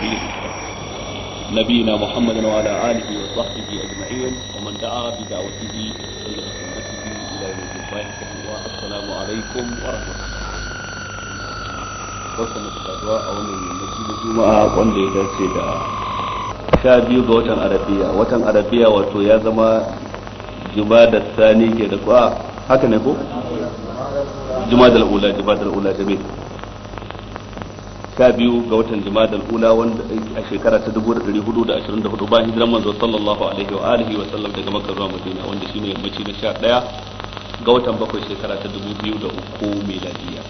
العليم نبينا محمد وعلى آله وصحبه أجمعين ومن دعا بدعوته إلى سنته إلى يوم والسلام عليكم ورحمة الله biyu ga watan arabiya watan arabiya wato ya zama jumada sani ke da haka ne sha biyu ga watan jima'a al'ula wanda a shekara ta dubu da dari hudu da ashirin da hudu bayan hijiran manzo sallallahu alaihi wa alihi wa sallam daga makka zuwa madina wanda shine yammaci na sha daya ga watan bakwai shekara ta dubu biyu da uku miladiya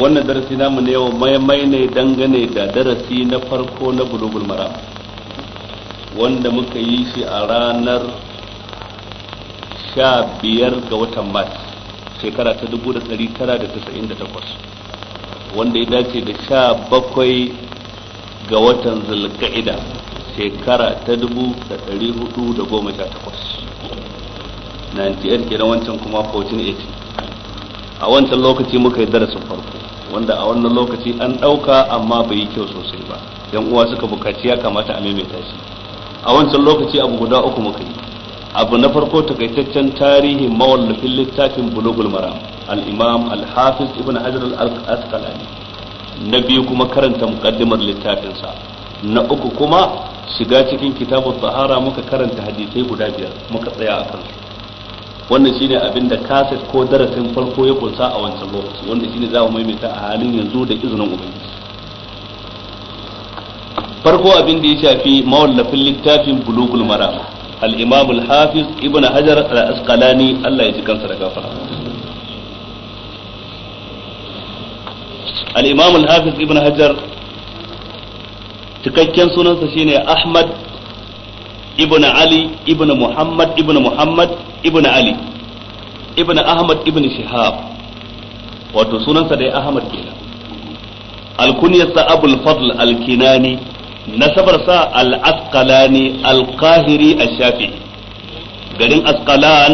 wannan darasi namu na yau maimai ne dangane da darasi na farko na bulugul maram wanda muka yi shi a ranar sha biyar ga watan mars shekara ta dubu da dari tara da tasa'in da takwas wanda ya dace da sha bakwai ga watan zulka'ida shekara ta dubu da ɗari hudu da goma sha takwas 98 kenan wancan kuma 1480 a wancan lokaci muka yi darasin farko wanda a wannan lokaci an ɗauka amma bai yi kyau sosai ba yan uwa suka bukaci ya kamata a maimaita shi a wancan lokaci abu guda uku muka yi abu na farko takaitaccen tarihin mawallafin littafin bulugul maram al-imam ibn hajar al na biyu kuma karanta muqaddimar littafinsa na uku kuma shiga cikin kitabut tahara muka karanta hadisai guda biyar muka tsaya akan su wannan shine abin da kaset ko darasin farko ya kunsa a wancan lokaci wanda shine za mu maimaita a halin yanzu da izinin ubangiji farko abin da ya shafi mawallafin littafin bulugul maram al-imam ibn hajar al Allah ya ji kansa da gafara al الحافظ ابن hafiz ibn hajar cikakken sunansa shine ahmad ibn ali ibn muhammad ibn muhammad ibn ali ibn ahmad ibn shihab wato sunansa dai ahmad kenan alkunyarsa abul fadl al-kinani nasabarsa al-asqalani garin asqalan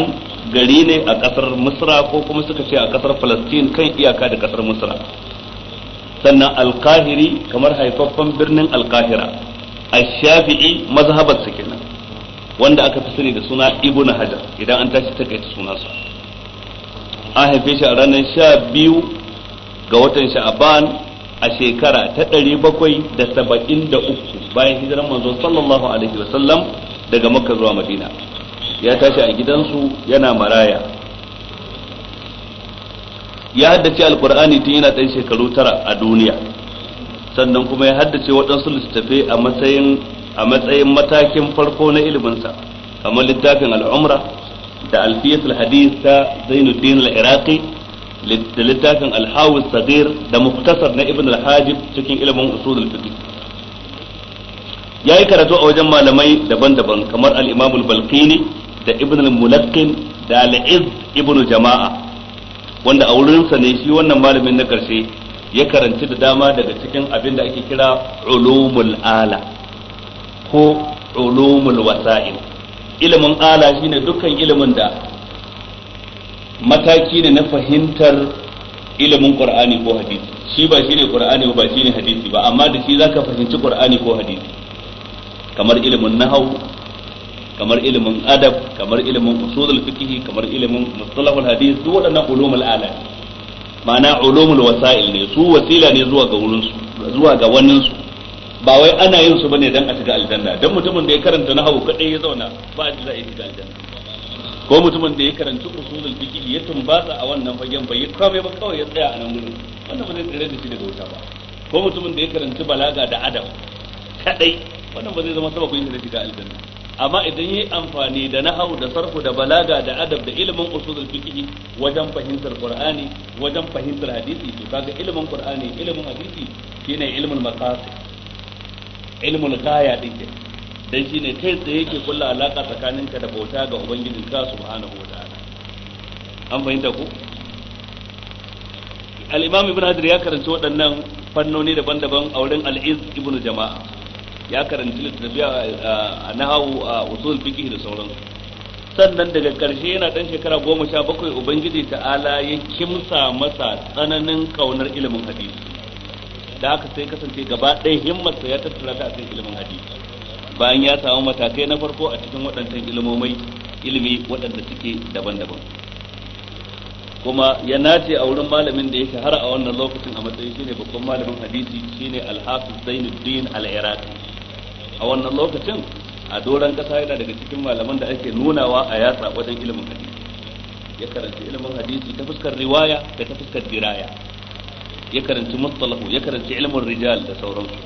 gari ne a kasar misra ko kuma suka ce a kasar falastin kan iyaka da kasar misra sannan alkahiri kamar haifaffen birnin alkahira a shafii mazhabar kenan wanda aka fi sani da suna na hajar idan an tashi ta takaita sunansa an haife shi a ranar sha biyu ga watan sha'aban a shekara ta ɗari bakwai da saba'in da uku bayan hijiran manzo sallallahu alaihi wasallam daga makka zuwa madina ya tashi a gidansu yana maraya ya haddace alkur'ani tun yana ɗan shekaru tara a duniya sannan kuma ya haddace waɗansu littattafai a matsayin a matsayin matakin farko na iliminsa kamar littafin al'umra da alfiyatul hadith ta zainuddin al da littafin alhawis sadir da muktasar na ibn al-hajib cikin ilimin usulul fiqh yayi karatu a wajen malamai daban-daban kamar al-imam al-balqini da ibn al-mulaqqin da al-izz ibn jama'a wanda a wurinsa ne shi wannan malamin na karshe ya karanci da dama daga cikin abin da ake kira ulumul ala ko ulumul wasa'il ilimin ala shine dukkan ilimin da mataki ne na fahimtar ilimin qur'ani ko hadisi shi ba shine qur'ani ba shine hadisi ba amma da shi zaka fahimci qur'ani ko hadisi kamar ilimin nahau kamar ilimin adab kamar ilimin usulul fiqh kamar ilimin mustalahul hadith duk waɗannan ulumul ala ma'ana ulumul wasa'il ne su wasila ne zuwa ga wurin su zuwa ga wannan su ba wai ana yin su bane dan a shiga aljanna dan mutumin da ya karanta nahwu kadai ya zauna ba da za a shiga aljanna ko mutumin da ya karanci usulul fiqh ya tumbata a wannan fagen bai kawai ba kawai ya tsaya a nan gurin wannan ba zai tsere da shi daga wuta ba ko mutumin da ya karanci balaga da adab kadai wannan ba zai zama sababin da shiga aljanna amma idan yi amfani da nahawu da sarfu da balaga da adab da ilimin usulul fiqh wajen fahimtar qur'ani wajen fahimtar hadisi to kaga ilimin qur'ani ilimin hadisi shine ilimin maqasid ilimin kaya dinke dan shine kai tsaye yake kulla alaka tsakaninka da bauta ga ubangijin ka subhanahu wataala an fahimta ko al-imam ibn hajar ya karanci waɗannan fannoni daban-daban a wurin al-iz ibn jama'a ya karanci littafi a nahawu a usul fiqh da sauran sannan daga karshe yana dan shekara goma sha bakwai ubangiji ta'ala ya kimsa masa tsananin kaunar ilimin hadisi da haka sai kasance gaba ɗaya himmarsa ya tattara ta cikin ilimin hadisi bayan ya samu matakai na farko a cikin waɗancan ilimomai ilimi waɗanda suke daban-daban kuma ya nace a wurin malamin da ya shahara a wannan lokacin a matsayin shine babban malamin hadisi shine al-hafiz Zainuddin al-Iraqi a wannan lokacin a doron kasa yana daga cikin malaman da ake nunawa a yatsa wajen ilimin hadisi ya karanci ilimin hadisi ta fuskar riwaya da ta fuskar diraya ya karanci mustalahu ya karanci ilimin rijal da sauransu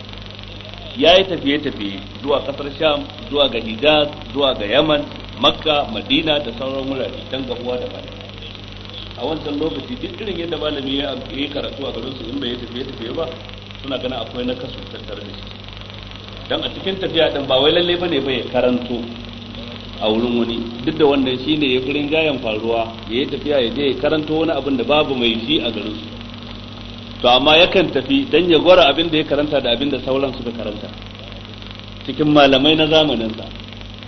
ya yi tafiye-tafiye zuwa kasar sham zuwa ga hijaz zuwa ga yaman makka madina da sauran wurare can gabuwa da bada a wancan lokaci duk irin yadda malami ya yi karatu a garin su in bai tafiye-tafiye ba suna gana akwai na kasu tattare da shi don a cikin tafiya din ba wai lalle bane bai karanto a wurin wani duk da wannan shine ya furin gayan faruwa ya yi tafiya ya je ya karanto wani abin da babu mai shi a garin su to amma yakan tafi dan ya gwara abin da ya karanta da abin da sauran suka karanta cikin malamai na zamaninsa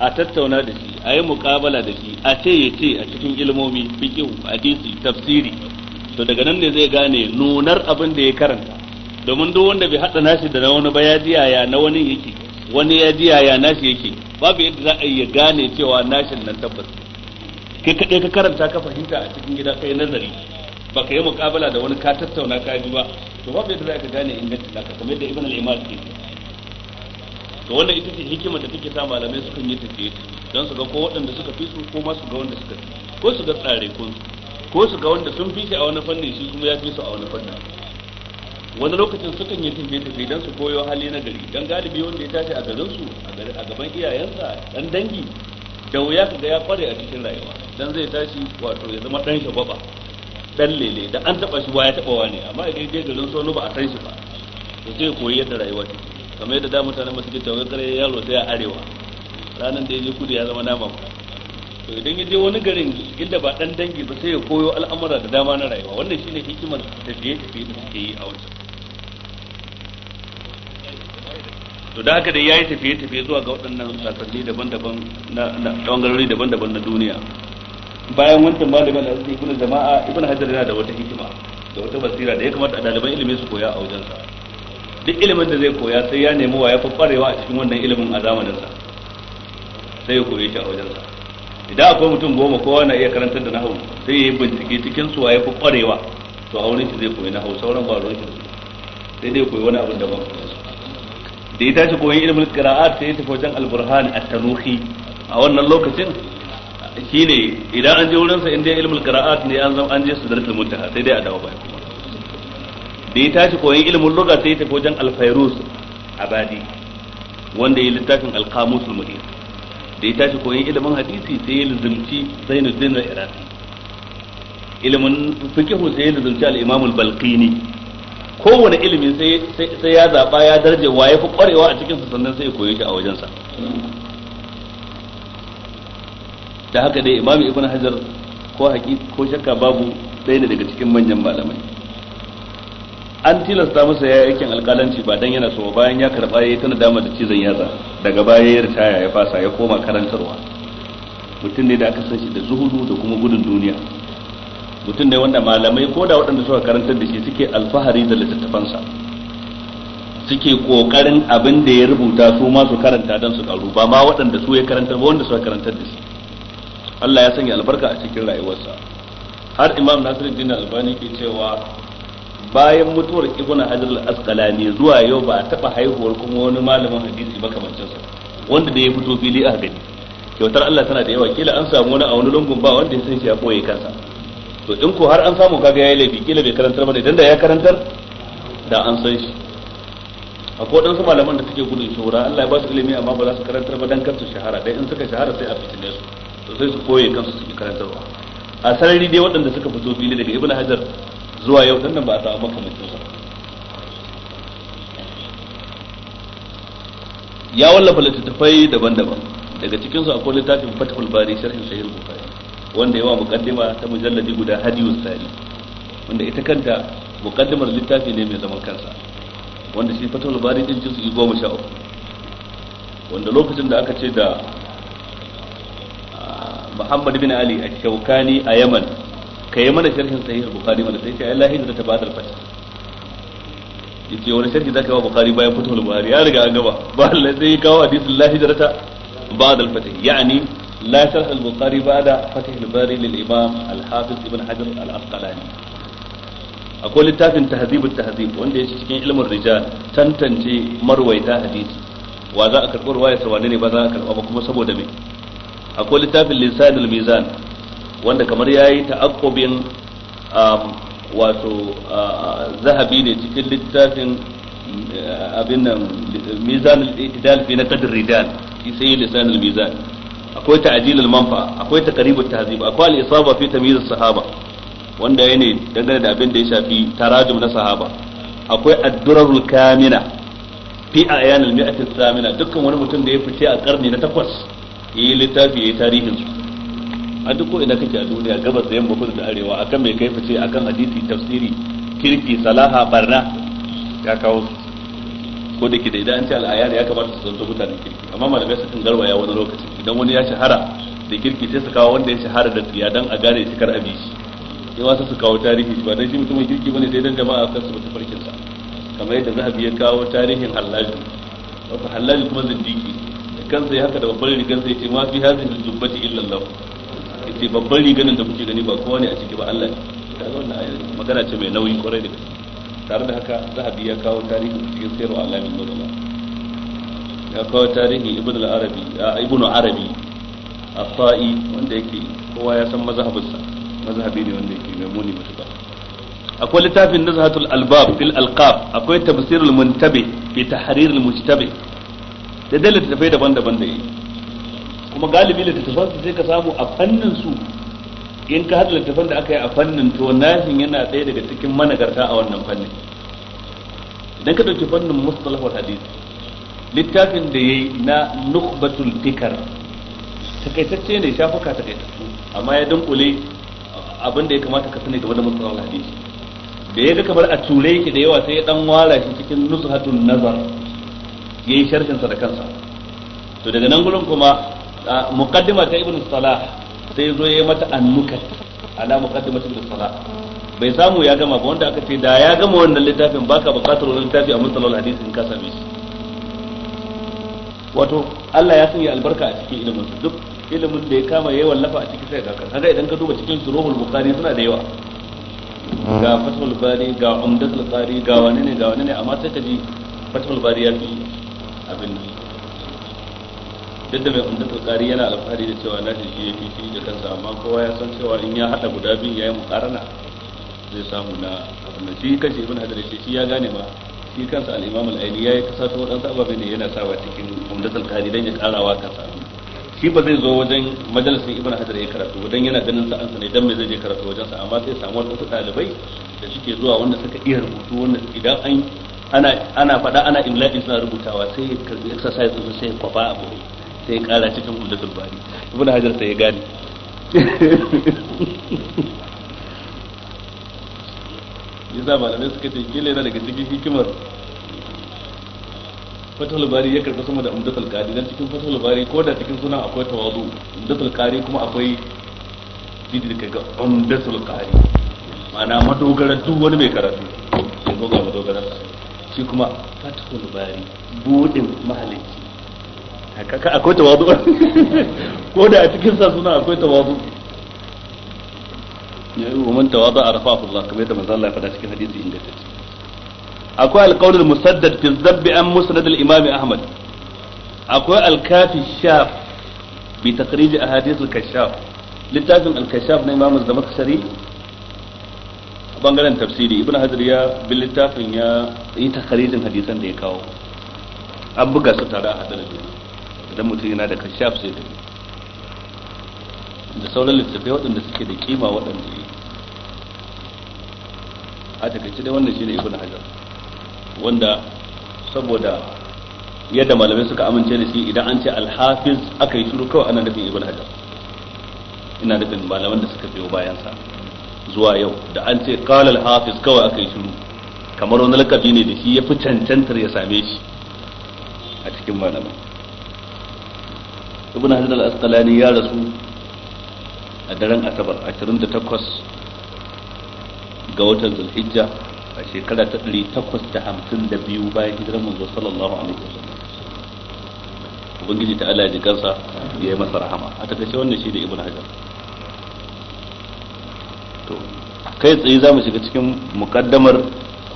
a tattauna da shi a yi mukabala da shi a ce ya ce a cikin ilmomi fiqh hadisi tafsiri to daga nan ne zai gane nunar abin da ya karanta domin duk wanda bai hada nashi da na wani ba ya ji ya na wani yake wani ya ji ya nashi yake babu yadda za a iya gane cewa nashin nan tabbas kai kaɗai ka karanta ka fahimta a cikin gida kai nazari ba ka yi muƙabala da wani ka tattauna ka ji ba to babu yadda za ka gane ingancin naka kamar yadda ibn al-imam ke to wannan ita ce hikimar da take sa malamai suka yi tafiye don su ga ko waɗanda suka fi su ko ma su ga wanda suka fi ko su ga tsare ko su ga wanda sun fi shi a wani fanni shi kuma ya fi su a wani fannin wani lokacin sukan yi tafiye tafiye don su koyo hali na gari don galibi wanda ya tashi a garin su a gaban iyayensa dan dangi da wuya ga ya kware a cikin rayuwa dan zai tashi wato ya zama dan shababa dan lele da an taba shi ya taba wani amma idan je garin sono ba a san shi ba to zai koyi yadda rayuwa ta kamar yadda da mutane masu ke tawagar kare yaro sai a arewa ranar da ya je kudu ya zama nama to idan ya je wani garin inda ba dan dangi ba sai ya koyo al'amura da dama na rayuwa wannan shine hikimar tafiye-tafiye da suke yi a wancan to da haka dai yayi tafiye tafiye zuwa ga waɗannan sakanni daban-daban na bangarori daban-daban na duniya bayan wancan malamin da ibn jama'a ibn hajar yana da wata hikima da wata basira da ya kamata ɗaliban ilimi su koya a wajensa duk ilimin da zai koya sai ya nemi wa ya fi a cikin wannan ilimin a zamaninsa sai ya koye shi a wajensa idan akwai mutum goma kowa na iya karantar da nahawu sai ya yi bincike cikin su wa ya fi to a wurin shi zai koyi nahawu sauran ba ruwan shi sai dai koyi wani abin da ba su da ya tashi koyon ilimin qira'at sai ya tafi wajen al-burhan at-tanuhi a wannan lokacin shine idan an je wurin sa inda ilmin qira'at ne an zama an je sidratul muntaha sai dai a dawo baya da ya tashi koyon ilimin lugha sai ya tafi wajen al-fayruz abadi wanda ya littafin al-qamus al-mudir da ya tashi koyon ilimin hadisi sai ya lizumci zainuddin al-iraqi ilimin fiqh sai ya lizumci al-imam al-balqini kowane ilimi sai ya zaɓa ya darje waye fi ƙwarewa a cikin sannan sai ya koyi shi a wajensa da haka dai imam ibn hajar ko haƙi ko shakka babu ɗaya ne daga cikin manyan malamai an tilasta masa ya aikin alƙalanci ba dan yana so bayan ya karɓa ya yi tana dama da cizon yatsa daga baya ya ritaya ya fasa ya koma karantarwa mutum ne da aka san shi da zuhudu da kuma gudun duniya mutum ne wanda malamai ko da waɗanda suka karantar da shi suke alfahari da littattafansa suke kokarin abin da ya rubuta su ma su karanta don su karu ba ma waɗanda su ya karanta ba wanda suka karantar da shi Allah ya sanya albarka a cikin rayuwarsa har Imam Nasiruddin Albani ke cewa bayan mutuwar Ibn Hajar al-Asqalani zuwa yau ba taba haihuwar kuma wani malamin hadisi ba kamar wanda da ya fito fili a gani kyautar Allah tana da yawa kila an samu wani a wani lungun ba wanda ya san shi ya koyi kansa to in ko har an samu kaga yayi laifi kila bai karantar bane dan da ya karantar da an san shi akwai wadansu malaman da suke gudun shura Allah ya ba su ilimi amma ba za su karantar ba dan kar su shahara dai in suka shahara sai a fitine su to sai su koye kansu su ki karantarwa a sarari dai waɗanda suka fito fili daga ibnu hajar zuwa yau dan nan ba a samu makamancin sa ya wallafa littattafai daban-daban daga cikinsu akwai littafin fathul bari sharhin sahih bukhari wanda yawa mukaddima ta mujalladi guda hadiyus sari wanda ita kanta mukaddimar littafi ne mai zaman kansa wanda shi fatul bari din sha uku wanda lokacin da aka ce da ah, Muhammad bin Ali a shawkani a Yaman ka yi mana sharhin sahihar bukari wanda sai ce allahi da ta badal fata yace wani sharhi zaka wa bukari bayan fatul bari ya riga an gaba ba Allah sai ya kawo hadisin la hijrata ba'da al-fatih yani لا شرح البخاري بعد فتح الباري للإمام الحافظ ابن حجر العسقلاني أقول التافن تهذيب التهذيب وأنت يشكين علم الرجال تنتنجي تا حديث وذا أكر رواية سوانيني بذا أكر أبكم سبو دمي أقول التافن لسان الميزان wanda kamar ya yi ta'akkubin wato zahabi ne cikin littafin abin nan mizan al-i'tidal fi naqd akwai ta'jilul manfa akwai taqribut tahzib akwai al-isaba fi tamyiz as-sahaba wanda yana dangane da abin da ya shafi tarajum na sahaba akwai ad-durarul kamina fi ayan al-mi'at ath-thamina dukkan wani mutum da ya fice a karni na takwas yi littafi yayi tarihin su a duk ko ina kake a duniya gabas da yamma kudu da arewa akan mai kai fice akan hadisi tafsiri kirki salaha barna ya kawo su ko da ke da idan an ce al'ayar ya kamata su zanto mutanen kirki amma malamai sukan garwaya wani lokaci idan wani ya shahara da kirki sai su kawo wanda ya shahara da tsiya dan a gane shi kar abi shi sai wasu su kawo tarihi ba dan shi mutumin kirki bane sai dan jama'a su ba farkin sa kamar yadda zahabi ya kawo tarihin hallaji wato hallaji kuma zindiki da kansa ya haka da babban rigar sai ce ma fi hadhihi zubbati illa Allah yace babban rigar da kuke gani ba kowa ne a ciki ba Allah ne kaga wannan magana ce mai nauyi kwarai da gaske tare da haka zahabi ya kawo tarihi cikin sayarwa alamin nurula ya kawo tarihi ibn al-arabi ibn arabi as-sa'i wanda yake kowa ya san mazhabinsa mazhabi ne wanda yake mai muni mutuka akwai littafin nazhatul albab fil alqab akwai tafsirul muntabi fi mujtabi da tafai daban-daban da yi kuma galibi littattafan sai ka samu a fannin su in ka haɗa littafin da aka yi a fannin to nashin yana ɗaya daga cikin managarta a wannan fannin idan ka ɗauki fannin mustalahu hadis littafin da yayi na nukbatul fikar takaitacce ne shafuka takaitattu amma ya dunkule abin da ya kamata ka sani game da mustalahu hadis da ya ga kamar a ture yake da yawa sai ya dan wala shi cikin nushatun nazar yayi sharhin sa da kansa to daga nan gurin kuma muqaddima ta ibnu salah sai zo ya mata annukat ala muqaddimati lis salat bai samu ya gama ba wanda aka ce da ya gama wannan littafin baka bukatar wannan littafi a musalal hadisi in ka same shi wato Allah ya sanya albarka a cikin ilimin duk ilimin da ya kama yayi wallafa a cikin sai ga kaga idan ka duba cikin suruhul bukhari suna da yawa ga fatul bari ga umdatul bari ga wani ne ga wani ne amma sai ka ji fatul bari ya fi abin duk da mai umdatul qari yana alfahari da cewa nashi shi fi shi da kansa amma kowa ya san cewa in ya hada guda biyun yi mukarana zai samu na abin shi kanshi ibn hadar shi shi ya gane ma shi kansa al-imam al-aini yayi kasato wadansu ababe ne yana sawa cikin umdatul qari dan ya karawa kansa shi ba zai zo wajen majalisin ibn hajar ya karatu wajen yana ganin sa'an sa ne dan mai zai je karatu wajen sa amma sai samu wasu dalibai da suke zuwa wanda suka iya rubutu wanda idan an ana ana faɗa ana imla'in suna rubutawa sai ya karbi exercise sai ya kwafa abu sai kara cikin ulul bari ibn hajar sai ya gane yasa malamai suka ce kila yana daga cikin hikimar fatahul bari ya karɓi sama da umdatul qari dan cikin fatahul bari ko da cikin sunan akwai tawazu umdatul qari kuma akwai didi da kaga umdatul qari ma'ana madogaran duk wani mai karatu sai ga madogaran shi kuma fatahul bari budin mahalicci akwai tawadu ko da a cikin sa suna akwai tawadu ya yi wa tawadu a rafahu Allah kamar yadda manzo Allah ya faɗa cikin hadisi ingantacce akwai alqaul musaddad fi dhabbi an musnad al-imam Ahmad akwai al-kafi shaf bi takhrij ahadith al-kashaf littafin al-kashaf na imam az-zamakhshari bangaren tafsiri ibn hajar ya bi littafin ya yi takharijin hadisan da ya kawo an buga su tare a hadarin idan mutum yana da kashaf sai gani da sauran littattafai waɗanda suke da kima waɗanda yi a takaice dai wannan shine ibn hajar wanda saboda yadda malamai suka amince da shi idan an ce alhafiz aka yi shiru kawai ana nufin ibn hajar ina nufin malaman da suka biyo bayansa zuwa yau da an ce qala alhafiz kawai aka yi shiru kamar wani lakabi ne da shi ya fi cancantar ya same shi a cikin malamai ibn hajar al-asqalani ya rasu a daren asabar 28 ga watan zulhijja a shekara ta 852 bayan hijirar manzo sallallahu alaihi wasallam ubangiji ta Allah ya ya yi masa rahama a takaice wannan shi da ibn hajar to kai tsaye za mu shiga cikin muqaddamar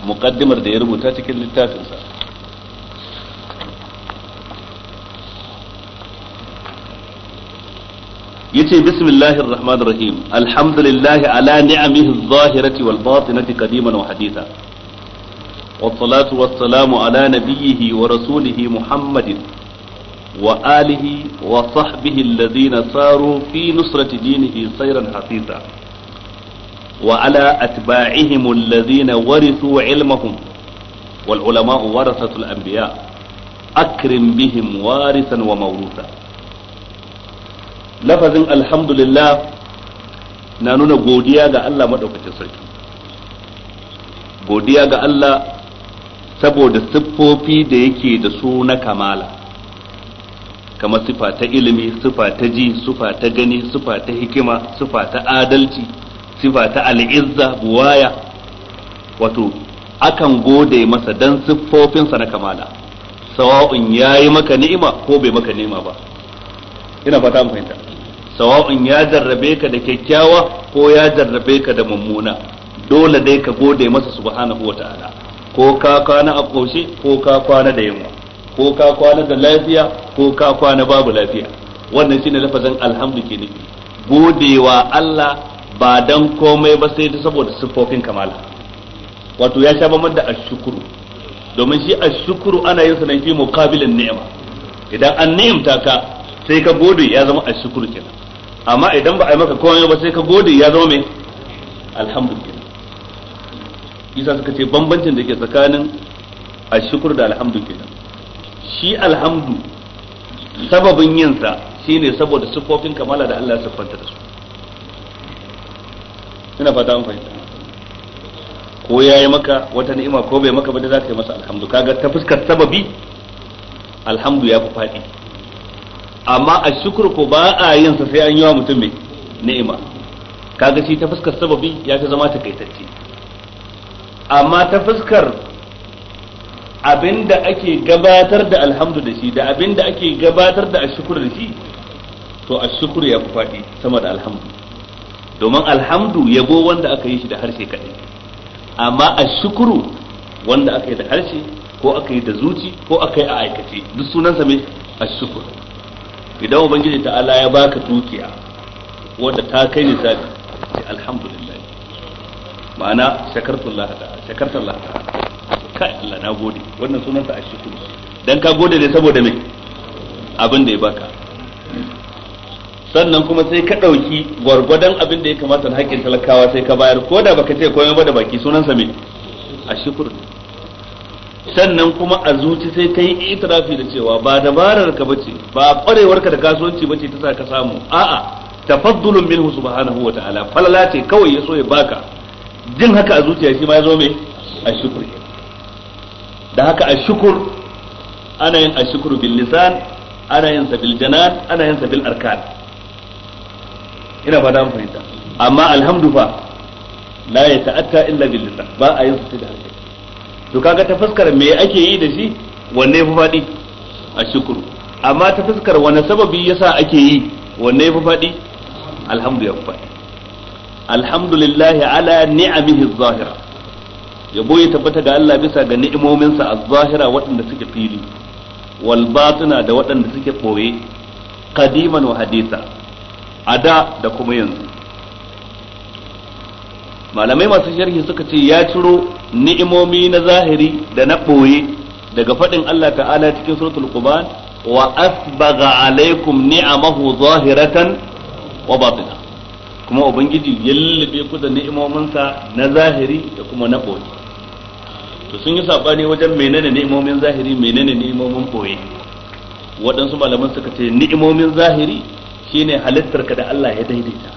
muqaddimar da ya rubuta cikin littafinsa يتي بسم الله الرحمن الرحيم الحمد لله على نعمه الظاهرة والباطنة قديما وحديثا والصلاة والسلام على نبيه ورسوله محمد وآله وصحبه الذين ساروا في نصرة دينه سيرا حثيثا وعلى أتباعهم الذين ورثوا علمهم والعلماء ورثة الأنبياء أكرم بهم وارثا وموروثا lafazin alhamdulillah na nuna godiya ga Allah madaukakin sarki godiya ga Allah saboda siffofi da yake da su na kamala kama sifa ta ilimi sifa ta ji sifa ta gani sifa ta hikima sifa ta adalci sifa ta al'izza buwaya wato akan gode masa dan siffofinsa na kamala sawa'un ya yi maka ni'ima ko bai maka ni'ima ba ina fata mu fahimta sawa'un ya jarrabe ka da kyakkyawa ko ya jarrabe ka da mummuna dole dai ka gode masa subhanahu wataala ko ka kwana a koshe ko ka kwana da yamma ko ka kwana da lafiya ko ka kwana babu lafiya wannan shine lafazin alhamdu ke nufi godewa Allah ba dan komai ba sai ta saboda siffofin kamala wato ya sha bamban da ashukuru domin shi ashukuru ana yin sa ne fi muqabilin ni'ima idan an ni'imta ka sai ka gode ya zama a ashkuru kenan amma idan ba a yi maka komai ba sai ka gode ya zama mai alhamdulillah isa suka ce bambancin da ke tsakanin a shukuru da alhamdulillah shi alhamdu sababin yinsa shine saboda sufofin kamala da Allah ya siffanta da su ina fata an fahimta ko ya yi maka wata ni'ima ko bai maka ba da za ka yi masa alhamdu kaga ta fuskar sababi alhamdu ya fi faɗi amma a shukuru ko ba a yin sa sai an yi wa mutum mai ni'ima kaga shi ta fuskar sababi ya fi zama ta takaitacce amma ta fuskar abinda ake gabatar da alhamdu da shi da abinda ake gabatar da ashukur da shi to ashukur ya fi faɗi sama da alhamdu domin alhamdu yabo wanda aka yi shi da harshe kaɗai amma ashukuru wanda aka yi da harshe ko aka yi da zuci ko aka yi a aikace duk sunansa mai ashukur idan ubangiji ala ya baka dukiya wanda ta kai ni zaka sai alhamdulillah ma'ana shakartullah ta shakartullah ta kai Allah na gode wannan ta ashkuru dan ka gode ne saboda me abin da ya baka sannan kuma sai ka ɗauki gwargwadon abin da ya kamata na haƙƙin talakawa sai ka bayar ko da baka ce komai ba da baki sunansa me a shukur sannan kuma a zuci sai kai itirafi da cewa ba dabarar ka bace ba kwarewar ka da kasuwanci bace ta sa ka samu a'a tafaddulun minhu subhanahu wa ta'ala falala ce kawai ya so ya baka jin haka a zuciya shi ma ya zo me ashkur da haka a ashkur ana yin ashkuru bil lisan ana yin sabil janan ana yin sabil arkan ina fata mun fahimta amma alhamdu fa la yata'atta illa bil lisan ba a yin su da harshe to kaga ta fuskar me ake yi da shi wanne yafi faɗi a shukuru amma ta fuskar wani sababi yasa ake yi wanne yafi faɗi alhamdu ya alhamdulillahi ala ni'amihi zahira ya boye tabbata ga Allah bisa ga ni'imominsa a zahira waɗanda suke fili wal batina da waɗanda suke koye qadiman wa haditha ada da kuma yanzu malamai masu sharhi suka ce ya ciro ni'imomi na zahiri da na ɓoye daga faɗin Allah ta'ala cikin suratul quban wa asbaga alaikum ni'amahu zahiratan wa batina kuma ubangiji ya lullube ku da ni'imominsa na zahiri da kuma na ɓoye to sun yi sabani wajen menene ni'imomin zahiri menene ni'imomin ɓoye waɗansu malaman suka ce ni'imomin zahiri shine halittar ka da Allah ya daidaita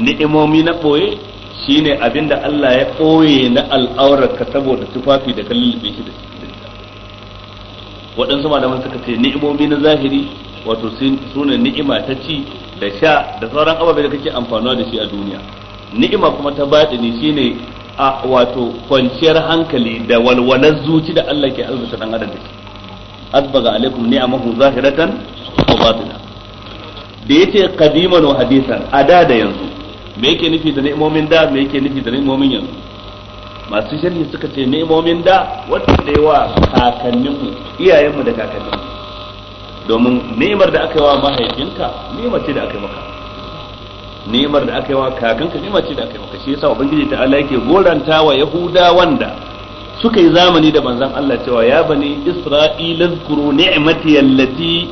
ni'imomi na ɓoye shine abinda Allah ya ɓoye na al'aurar ka saboda tufafi da kallon shi da shi. waɗansu malaman suka ce ni'imomi na zahiri wato suna ni'ima ta ci da sha da sauran ababe da kake amfanuwa da shi a duniya ni'ima kuma ta ne shine a wato kwanciyar hankali da walwalar zuci da Allah ke arzuta dan adam da shi asbaga alaikum ni'amahu zahiratan wa batina da yace qadiman wa hadisan ada da yanzu me yake nufi da ni'imomin da me yake nufi da ni'imomin yanzu masu sharhi suka ce ni'imomin da wanda ya wa kakanninmu iyayenmu da kakanninmu domin ni'imar da aka yi wa mahaifinka ni'imar ce da aka yi maka ni'imar da aka yi wa kakanka ni'imar ce da aka yi maka shi yasa ubangiji ta Allah yake goranta wa yahuda wanda suka yi zamani da manzon Allah cewa ya bani isra'ila zkuru ni'mati allati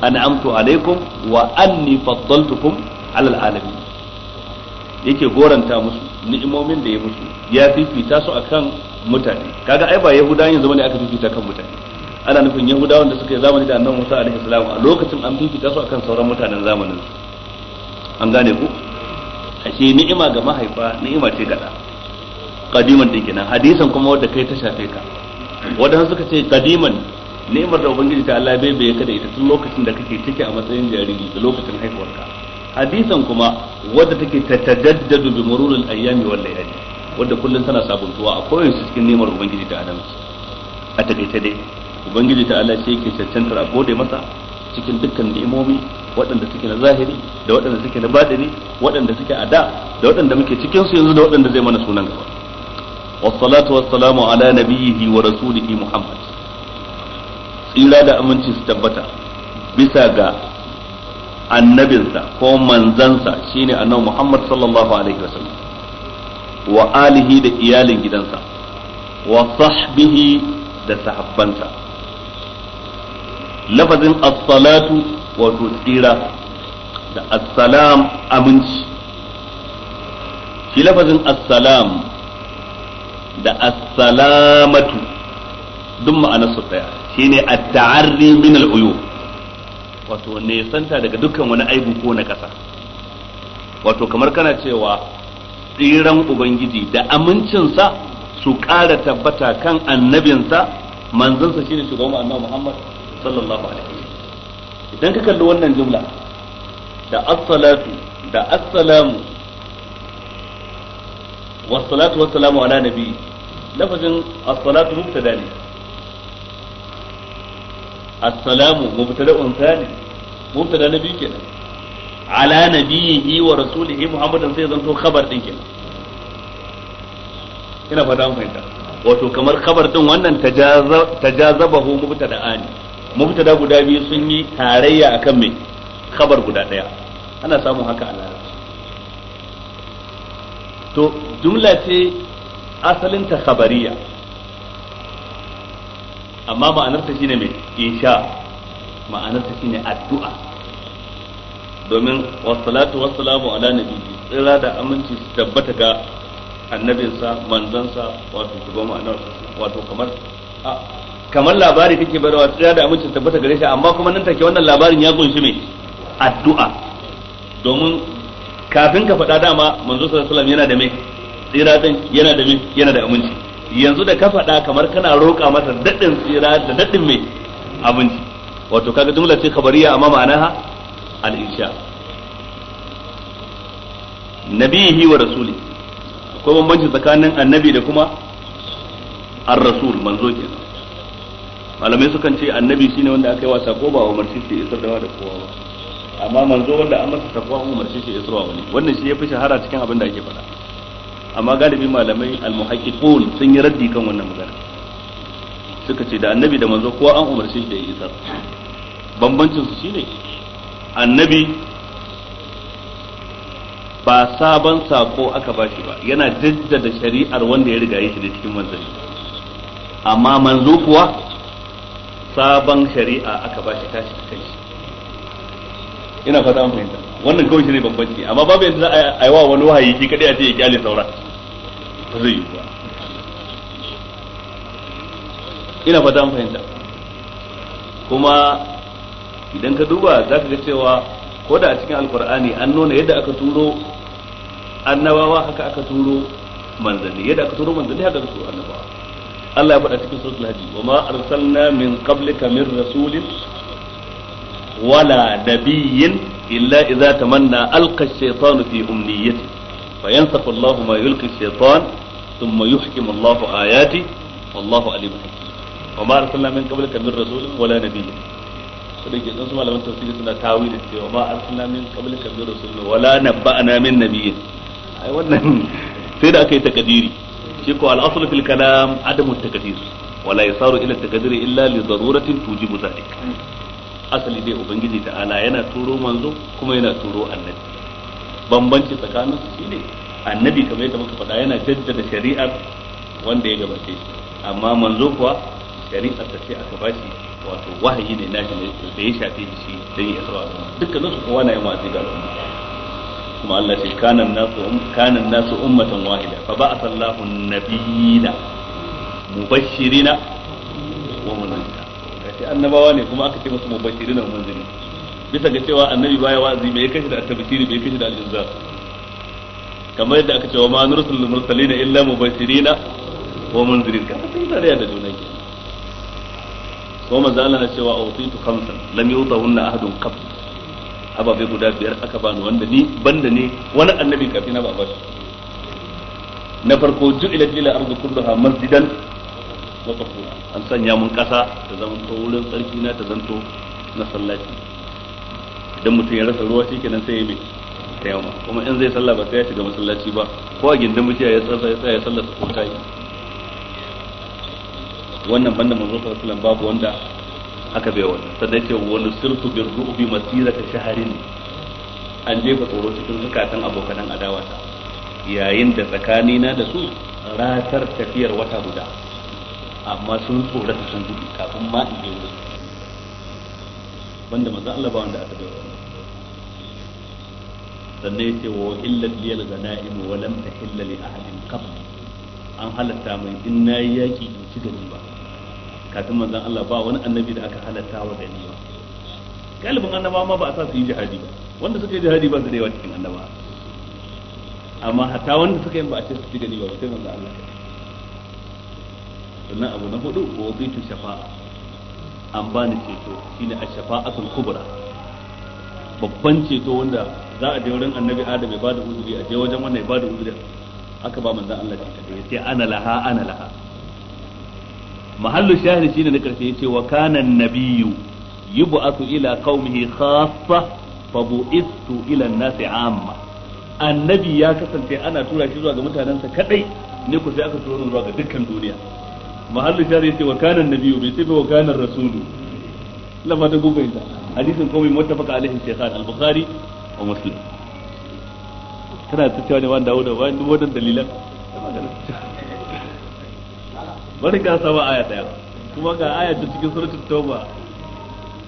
an'amtu alaikum wa anni faddaltukum alal alamin yake goranta musu ni'imomin da ya musu ya fifita su akan mutane kaga ai ba yahudawa yanzu bane aka fifita kan mutane ana nufin yahudawan da suka yi zamani da annabi Musa alaihi salam a lokacin an fifita su akan sauran mutanen zamanin su an gane ku ashe ni'ima ga mahaifa ni'ima ce ga da kadiman din kenan hadisan kuma wanda kai ta shafe ka wadanda suka ce kadiman ni'imar da ubangiji ta Allah bai bai ka da ita tun lokacin da kake ciki a matsayin jariri da lokacin haihuwarka hadisan kuma wadda take tatadaddadu bi mururil ayyami wal layali wadda kullun tana sabuntuwa a koyaushe cikin neman ubangiji da adam a ta dai ubangiji ta Allah shi yake cancantar a gode masa cikin dukkan ni'imomi waɗanda suke na zahiri da waɗanda suke na batini waɗanda suke a da da waɗanda muke cikin su yanzu da waɗanda zai mana sunan gaba wassalatu wassalamu ala nabiyhi wa rasulihi muhammad tsira da aminci su tabbata bisa ga annabinsa ko manzansa shine annabi Muhammad sallallahu alaihi wasallam wa alihi da iyalin gidansa wa sahbihi da sahabbansa lafazin as-salatu wato tsira da as-salam aminci shi lafazin as-salam da as-salamatu duk ma'anarsu daya shine at-ta'arri min al-uyub wato nesanta daga dukkan wani aibu ko na ƙasa wato kamar kana cewa tsiran ubangiji da amincinsa su ƙara tabbata kan annabinsa manzansa shine shugaban annabi Muhammad sallallahu alaihi wasallam idan ka kalli wannan jumla da as-salatu da as-salamu was-salatu was-salamu ala nabi lafazin as-salatu mubtada ne assalamu mubtada unsani mubtada na biyu kenan ala nabiyhi wa rasulihi muhammadan sai zanto khabar din kenan ina fata an fahimta wato kamar khabar din wannan tajazabahu mubtada ani mubtada guda biyu sun yi tarayya akan mai khabar guda daya ana samun haka a larabci to jumla ce asalin ta khabariya amma ma'anarta shine mai insha ma'anarta shine addu'a domin wassalatu wassalamu ala nabiyyi tsira da aminci su tabbata ga annabinsa manzansa wato shugaban ma'anar wato kamar kamar labari kake bayarwa tsira da aminci su tabbata gare shi amma kuma nan take wannan labarin ya kunshi mai addu'a domin kafin ka faɗa dama manzo sallallahu alaihi wasallam yana da mai tsira din yana da mai yana da aminci yanzu da ka faɗa kamar kana roƙa masa daɗin tsira da daɗin mai abinci wato kaga jumla ce kabariya amma ha al-insha nabihi wa rasuli akwai bambanci tsakanin annabi da kuma ar-rasul manzo ke malamai sukan ce annabi shine wanda aka yi wa sako ba umarci shi isar da kowa ba amma manzo wanda an masa sako an umarci shi isarwa wani wannan shi ya fi shahara cikin abin da ake faɗa amma galibi malamai almuhaqqiqun sun yi raddi kan wannan magana suka ce da annabi da manzo kowa an umarce shi da ya isar bambancin su shine annabi ba sabon sako aka bashi ba yana jaddada shari'ar wanda ya riga ya shi cikin manzali amma manzo kuwa sabon shari'a aka ba shi tashi kai ina fata an fahimta wannan kawai shi ne bambanci amma babu yadda za a yi wa wani wahayi shi kadai a ce ya kyale saura ba zai yi ba ina fata an fahimta kuma idan ka duba za ka ga cewa ko da a cikin alkur'ani an nuna yadda aka turo annabawa haka aka turo manzanni yadda aka turo manzanni haka aka turo annabawa Allah ya faɗa cikin suratul hajji wa ma arsalna min qablika min rasulin ولا نبي إلا إذا تمنى ألقى الشيطان في أمنيته فينسق الله ما يلقي الشيطان ثم يحكم الله آياته والله عليم حكيم وما أرسلنا من قبلك من رسول ولا نبي سبيك نسمع لما تفسير سنة تاويل وما أرسلنا من قبلك من رسول ولا نبأنا من نبي أي والله سيدا كي تكديري شكو الأصل في الكلام عدم التكدير ولا يصار إلى التكدير إلا لضرورة توجب ذلك asali dai ubangiji ala yana turo manzo kuma yana turo annabi bambanci tsakanin su shine annabi kamar yadda muka faɗa yana jaddada shari'ar wanda ya gabace shi amma manzo kuwa shari'ar ta ce aka bashi wato wahayi ne na da ya shafe shi dan ya sarwa dukkanin su kowa na yin wa'azi ga kuma Allah ce kanan nasu um, kanan nasu ummatan wahida fa ba'atha Allahu nabiyina mubashirina ce annabawa ne kuma aka ce musu mubashirin da munzirin bisa ga cewa annabi baya wa'azi bai kashi da tabbiri bai kashi da al kamar yadda aka ce wa ma nursul mursalina illa mubashirina wa munzirin ka sai da tare da juna ki ko manzo Allah na cewa awtitu khamsan lam yutahunna ahadun qab aba bai guda biyar aka bani wanda ni banda ne wani annabi kafin na ba bashi na farko ju'ila lil ardu kulluha masjidan wa an sanya mun kasa ta zanto wurin tsarki na ta zanto na sallaci idan mutum ya rasa ruwa shikenan sai ya bi tayammum kuma in zai sallah ba sai ya shiga masallaci ba ko a gindin mutiya ya tsaya ya tsaya ya sallar yi tayi wannan banda manzo sallallahu alaihi wasallam babu wanda aka bai wannan sannan ce wani nusirtu bir ru'bi masirata shaharin an jefa tsoro cikin zukatan abokan adawata yayin da tsakanina da su ratar tafiyar wata guda amma sun tsorata sun gudu kafin ma in je wurin banda manzon Allah ba wanda aka bai wannan sannan yace wa illal liyal ganaim wa lam tahill li ahadin qabl an halatta mai in nayi yaki in ci gani ba kafin manzon Allah ba wani annabi da aka halatta wa gani ba galibin annabawa ma ba a sa su yi jihadi ba wanda suka yi jihadi ba su da yawa cikin annabawa amma hatta wanda suka yi ba a ce su ci gani ba sai manzon Allah kai sannan abu na hudu wa wazitu shafa'a an bani ceto shine ash-shafa'atul kubra babban ceto wanda za a je wurin annabi adam ya bada uzuri a je wajen wannan ya bada uzuri aka ba manzon Allah ceto yace ana laha ana laha mahallu shahid shine na karshe yace wa kana an-nabiyyu yub'athu ila qaumihi khassa fa bu'istu ila an-nasi 'amma annabi ya kasance ana tura shi zuwa ga mutanensa kadai ne ku sai aka tura zuwa ga dukkan duniya mahallin shari yace wa kana nabiyyu bai ce wa kana rasulu lama da gugun ta hadisin kuma mai muttafaqa alaihi shaykhan al-bukhari wa muslim kana ta cewa ne wanda dawo da bayan duk wadannan dalilan bari ka saba aya daya kuma ga aya ta cikin suratul tauba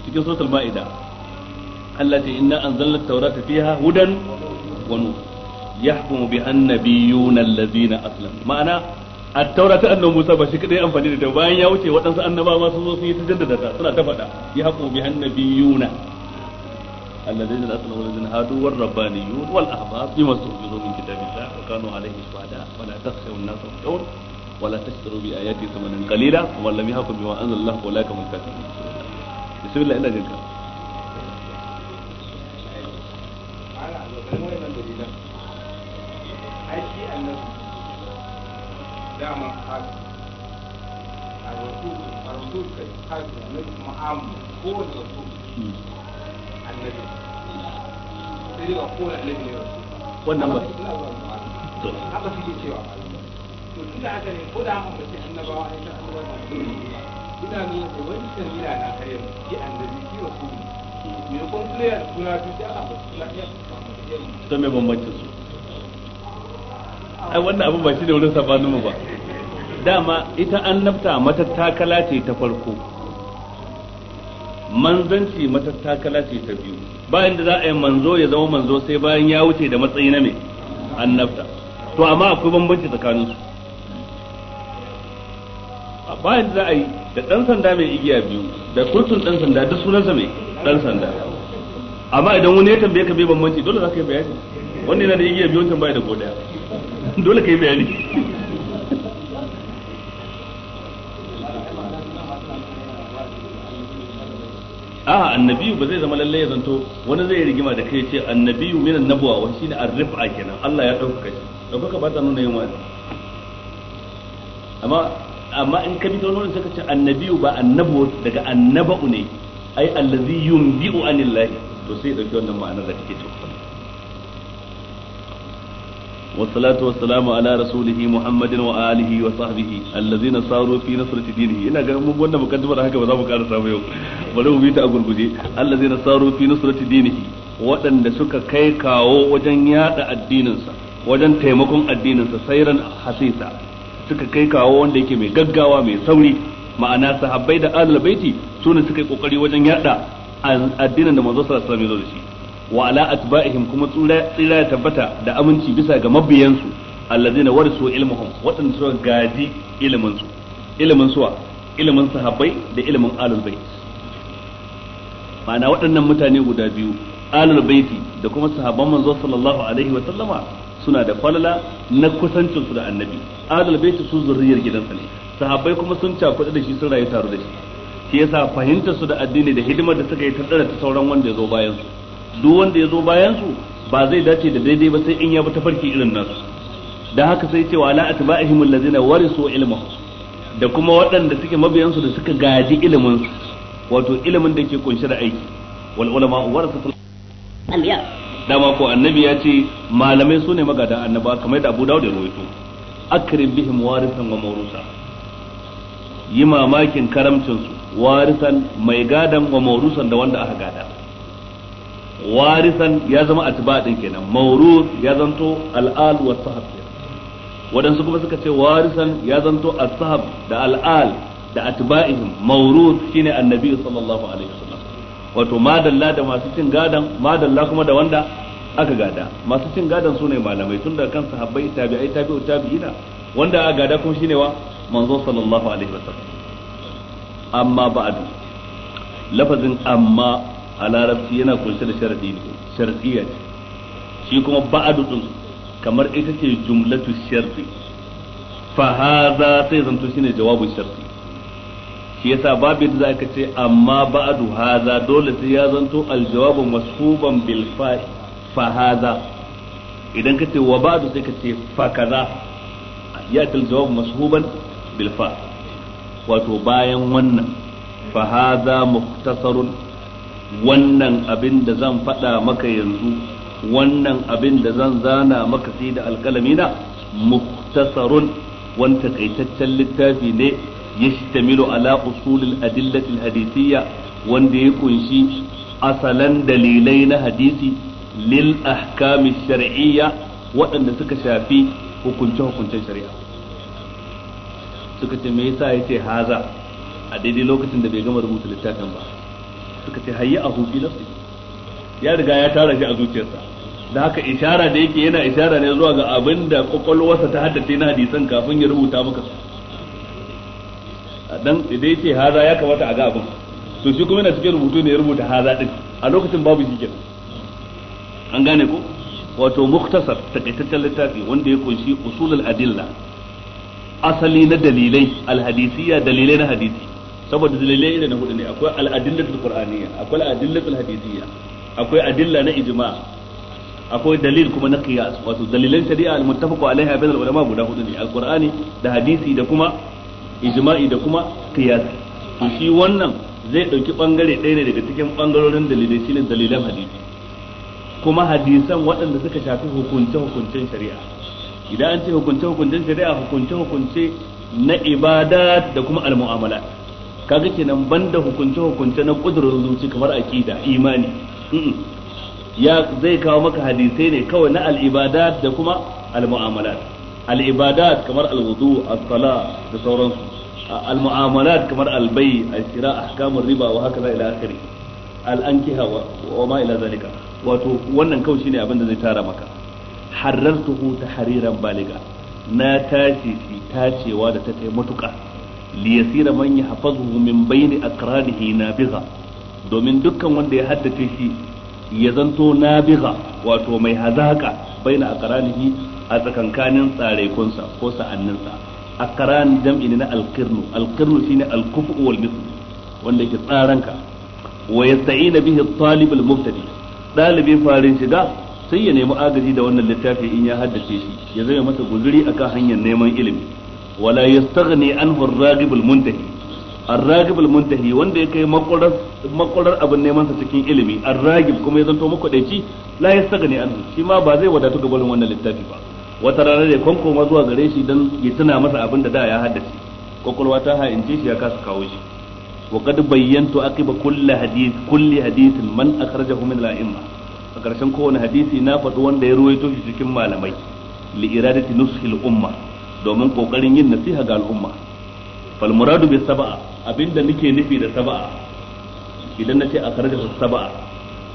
cikin suratul maida Allah ce inna anzalna at-taurata fiha hudan wa nur yahkumu biha an-nabiyyuna allazina aslamu ma'ana attaura ta annabi Musa ba shi kadai amfani da bayan ya wuce waɗansu annabawa sun zo sun yi ta jaddada ta suna ta faɗa ya haƙo bi annabiyuna alladheena aslahu alladheena hadu war rabbaniyun wal ahbab bima tu'minu min kitabillah wa ولا تشتروا بآياتي ثمنا قليلا ومن لم بما أنزل الله بسم الله إلا dama haka a haka na annabi sai dai kowane annabi ne ba haka ke cewa to haka ne ko da annabawa ai ta ina da wani na kare ki annabi ki ne kuna biyu da su bambancin su ai wannan abu ba shi da wurin sabanin mu ba dama ita annabta matattakala ce ta farko manzanci matattakala ce ta biyu bayan da za a yi manzo ya zama manzo sai bayan ya wuce da matsayi na mai annabta to amma akwai bambanci tsakanin su bayan da za a yi da ɗan sanda mai igiya biyu da kurtun ɗan sanda duk sunansa mai ɗan sanda amma idan wani ya tambaye ka bai bambanci dole za ka yi bayani wannan yana da igiya biyu wancan da godiya dole ka yi bayani a annabiyu ba zai zama lalle ya zanto wani zai rigima da kai ce annabiyu min nabuwa wani shine arrifa kenan Allah ya dauka shi dauka ba ta nuna yin wani amma amma in ka bi ta wani suka ce annabiyu ba annabu daga annaba'u ne ai allazi yunbi'u anillahi to sai dauki wannan ma'anar da kike cewa والصلاة والسلام على رسوله محمد وآله وصحبه الذين صاروا في نصرة دينه إلا قام مبونا مكتبا هكا وذا مقارن ساميو ولو بيت أقول بجي الذين صاروا في نصرة دينه وأن سكا كي كاو وجن ياد الدين وجن تيمكم الدين سيرا حسيسا سكا كي كاو وان ليكي مي غغاوا مي سوري ma'ana sahabbai da ahlul baiti sune suka yi kokari wajen yada addinin da manzo sallallahu alaihi wasallam ya zo da shi wa ala atba'ihim kuma tsira ya tabbata da aminci bisa ga mabiyansu allazina warisu ilmuhum waɗanda suka gaji ilimin su ilimin suwa ilimin sahabbai da ilimin alul bait ma'ana waɗannan mutane guda biyu alul baiti da kuma sahabban manzo sallallahu alaihi wa sallama suna da falala na kusancin su da annabi alul baiti su zuriyar gidansa ne sahabbai kuma sun cakuɗa da shi sun rayu tare da shi shi yasa fahimtar su da addini da hidimar da suka yi ta tsara ta sauran wanda ya zo bayan su duk wanda ya zo bayan su ba zai dace da daidai ba sai in ya bi tafarki irin nasu dan haka sai cewa la atba'ihim allazina warisu ilma da kuma waɗanda suke mabiyansu da suka gaji ilimin su wato ilimin da ke kunshe da aiki wal ulama warasatu anbiya dama ko annabi ya ce malamai su ne magada annaba kamar da Abu Dawud ya rawaito akrim bihim warisan wa mawrusa yi mamakin karamcin su warisan mai gadan wa mawrusan da wanda aka gada warisan ya zama atba din kenan maurud ya zanto al'al wa sahab wadansu kuma suka ce warisan ya zanto as-sahab da al'al da atba'ihim maurud shine annabi sallallahu alaihi wasallam wato madalla da masu cin gadan madalla kuma da wanda aka gada masu cin gadan sune malamai tun da kan sahabbai tabi'ai tabi'u tabi'ina wanda aka gada kuma shine wa manzo sallallahu alaihi wasallam amma ba'du lafazin amma a larabci yana kunshe da sharadi ne sharadiyya ce shi kuma ba'adu din kamar ita ce jumlatu sharri fa hadha sai zanto shine jawabu sharri shi yasa babu yadda ka ce amma ba'adu hadha dole sai ya zanto aljawabu masfuban bil fa fa hadha idan ka ce wa ba'adu sai ka ce fa kaza ya ta aljawabu masfuban bil fa wato bayan wannan fa hadha mukhtasarun wannan abin da zan faɗa maka yanzu wannan abin da zan zana maka sai da na muktasarun wani takaitaccen littafi ne ya yashtamilu ala usulul adillatil hadisiyya wanda ya kunshi asalan dalilai na hadisi lil ahkami shar'iyya waɗanda suka shafi hukunce hukuncen shari'a suka ce me yasa ce haza a daidai lokacin da bai gama rubuta littafin ba suka ce hayi a hufi nafsi ya riga ya tara shi a zuciyarsa da haka ishara da yake yana ishara ne zuwa ga abin da kwakwalwarsa ta haddace na hadisan kafin ya rubuta maka su dan idan ce haza ya kamata a ga abin to shi kuma yana cikin rubutu ne ya rubuta haza din a lokacin babu shi kenan an gane ko wato muktasar takaitaccen littafi wanda ya kunshi usulul adilla asali na dalilai alhadisiya dalilai na hadisi saboda dalilai irin na hudu ne akwai al'adillatul qur'aniyya akwai al'adillatul hadisiyya akwai adilla na ijma akwai dalil kuma na qiyas wato dalilan shari'a al-muttafaqu alaiha bainal ulama guda hudu ne al'qur'ani da hadisi da kuma ijma'i da kuma qiyas to shi wannan zai dauki bangare ɗaya ne daga cikin bangarorin dalilai shine dalilan hadisi kuma hadisan waɗanda suka shafi hukunce hukuncen shari'a idan an ce hukunce hukuncen shari'a hukunce hukunce na ibada da kuma al-mu'amalat kaga kenan banda hukunce hukunce na kudurin zuci kamar aqida imani ya zai kawo maka hadisai ne kawai na al-ibadat da kuma al-mu'amalat al-ibadat kamar al-wudu as-sala da sauransu al-mu'amalat kamar al-bay al-shira ahkamur riba wa haka ila akhiri al-ankiha wa ma ila zalika wato wannan kawai shine abin da zai tara maka harartuhu tahriran baliga na tace shi tacewa da ta kai matuƙa liyasira man yahfazuhu min bayni aqranihi nabiga domin dukkan wanda ya haddace shi ya zanto nabiga wato mai hazaka bayna aqranihi a tsakankanin tsarekunsa ko sa'anninsa aqran jam'i ne na alqirnu alqirnu shine alkufu wal mithl wanda yake tsaranka wa yasta'ina bihi at-talib al-mubtadi dalibi farin shiga sai ya nemi agaji da wannan littafi in ya haddace shi ya zama masa guzuri akan hanyar neman ilimi wala يستغني عنه الراغب المنتهي الراغب المنتهي ar wanda ya kai makurar abin neman sa cikin ilimi ar kuma ya zanto makwadaici la yastagni anhu shi ma ba zai wadatu ga barin wannan littafi ba wata rana ne kon ma zuwa gare shi dan ya tana masa abin da da ya haddace kokolwa ta ha ince shi ya kasa kawo shi wa qad bayyantu aqiba kulli hadith kulli hadith man akhrajahu min la'imma a karshen kowane hadisi na faɗi wanda ya ruwaito shi cikin malamai li iradati nushil umma domin kokarin yin nasiha ga al'umma fal muradu bis sab'a abinda nake nufi da sab'a idan nace akhraja sab'a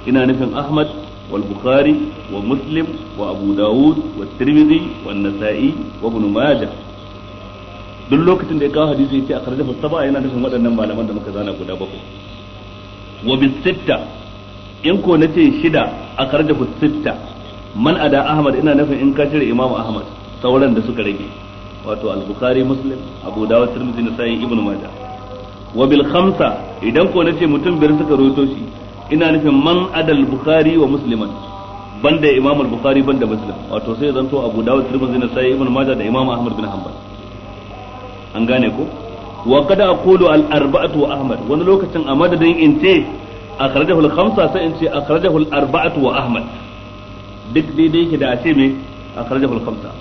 ina nufin ahmad wal bukhari wa muslim wa abu daud wa tirmidhi wa nasa'i wa ibn majah duk lokacin da ya kawo hadisi yace akhraja sab'a yana nufin waɗannan malaman da muka zana guda bakwai wa bis sitta in ko nace shida akhraja sitta man ada ahmad ina nufin in ka cire imamu ahmad sauran da suka rage wato al-bukhari muslim abu dawud tirmidhi nasai ibnu majah wa bil khamsa idan ko nace mutum biyar suka rawaito shi ina nufin man adal bukhari wa musliman banda imam al-bukhari banda muslim wato sai zanto abu dawud tirmidhi nasai ibnu majah da imam ahmad bin hanbal an gane ko wa kada aqulu al-arba'atu wa ahmad wani lokacin a madadin in ce akhrajahu al-khamsa sai in ce akhrajahu al-arba'atu wa ahmad duk daidai yake da a ce me akhrajahu al-khamsa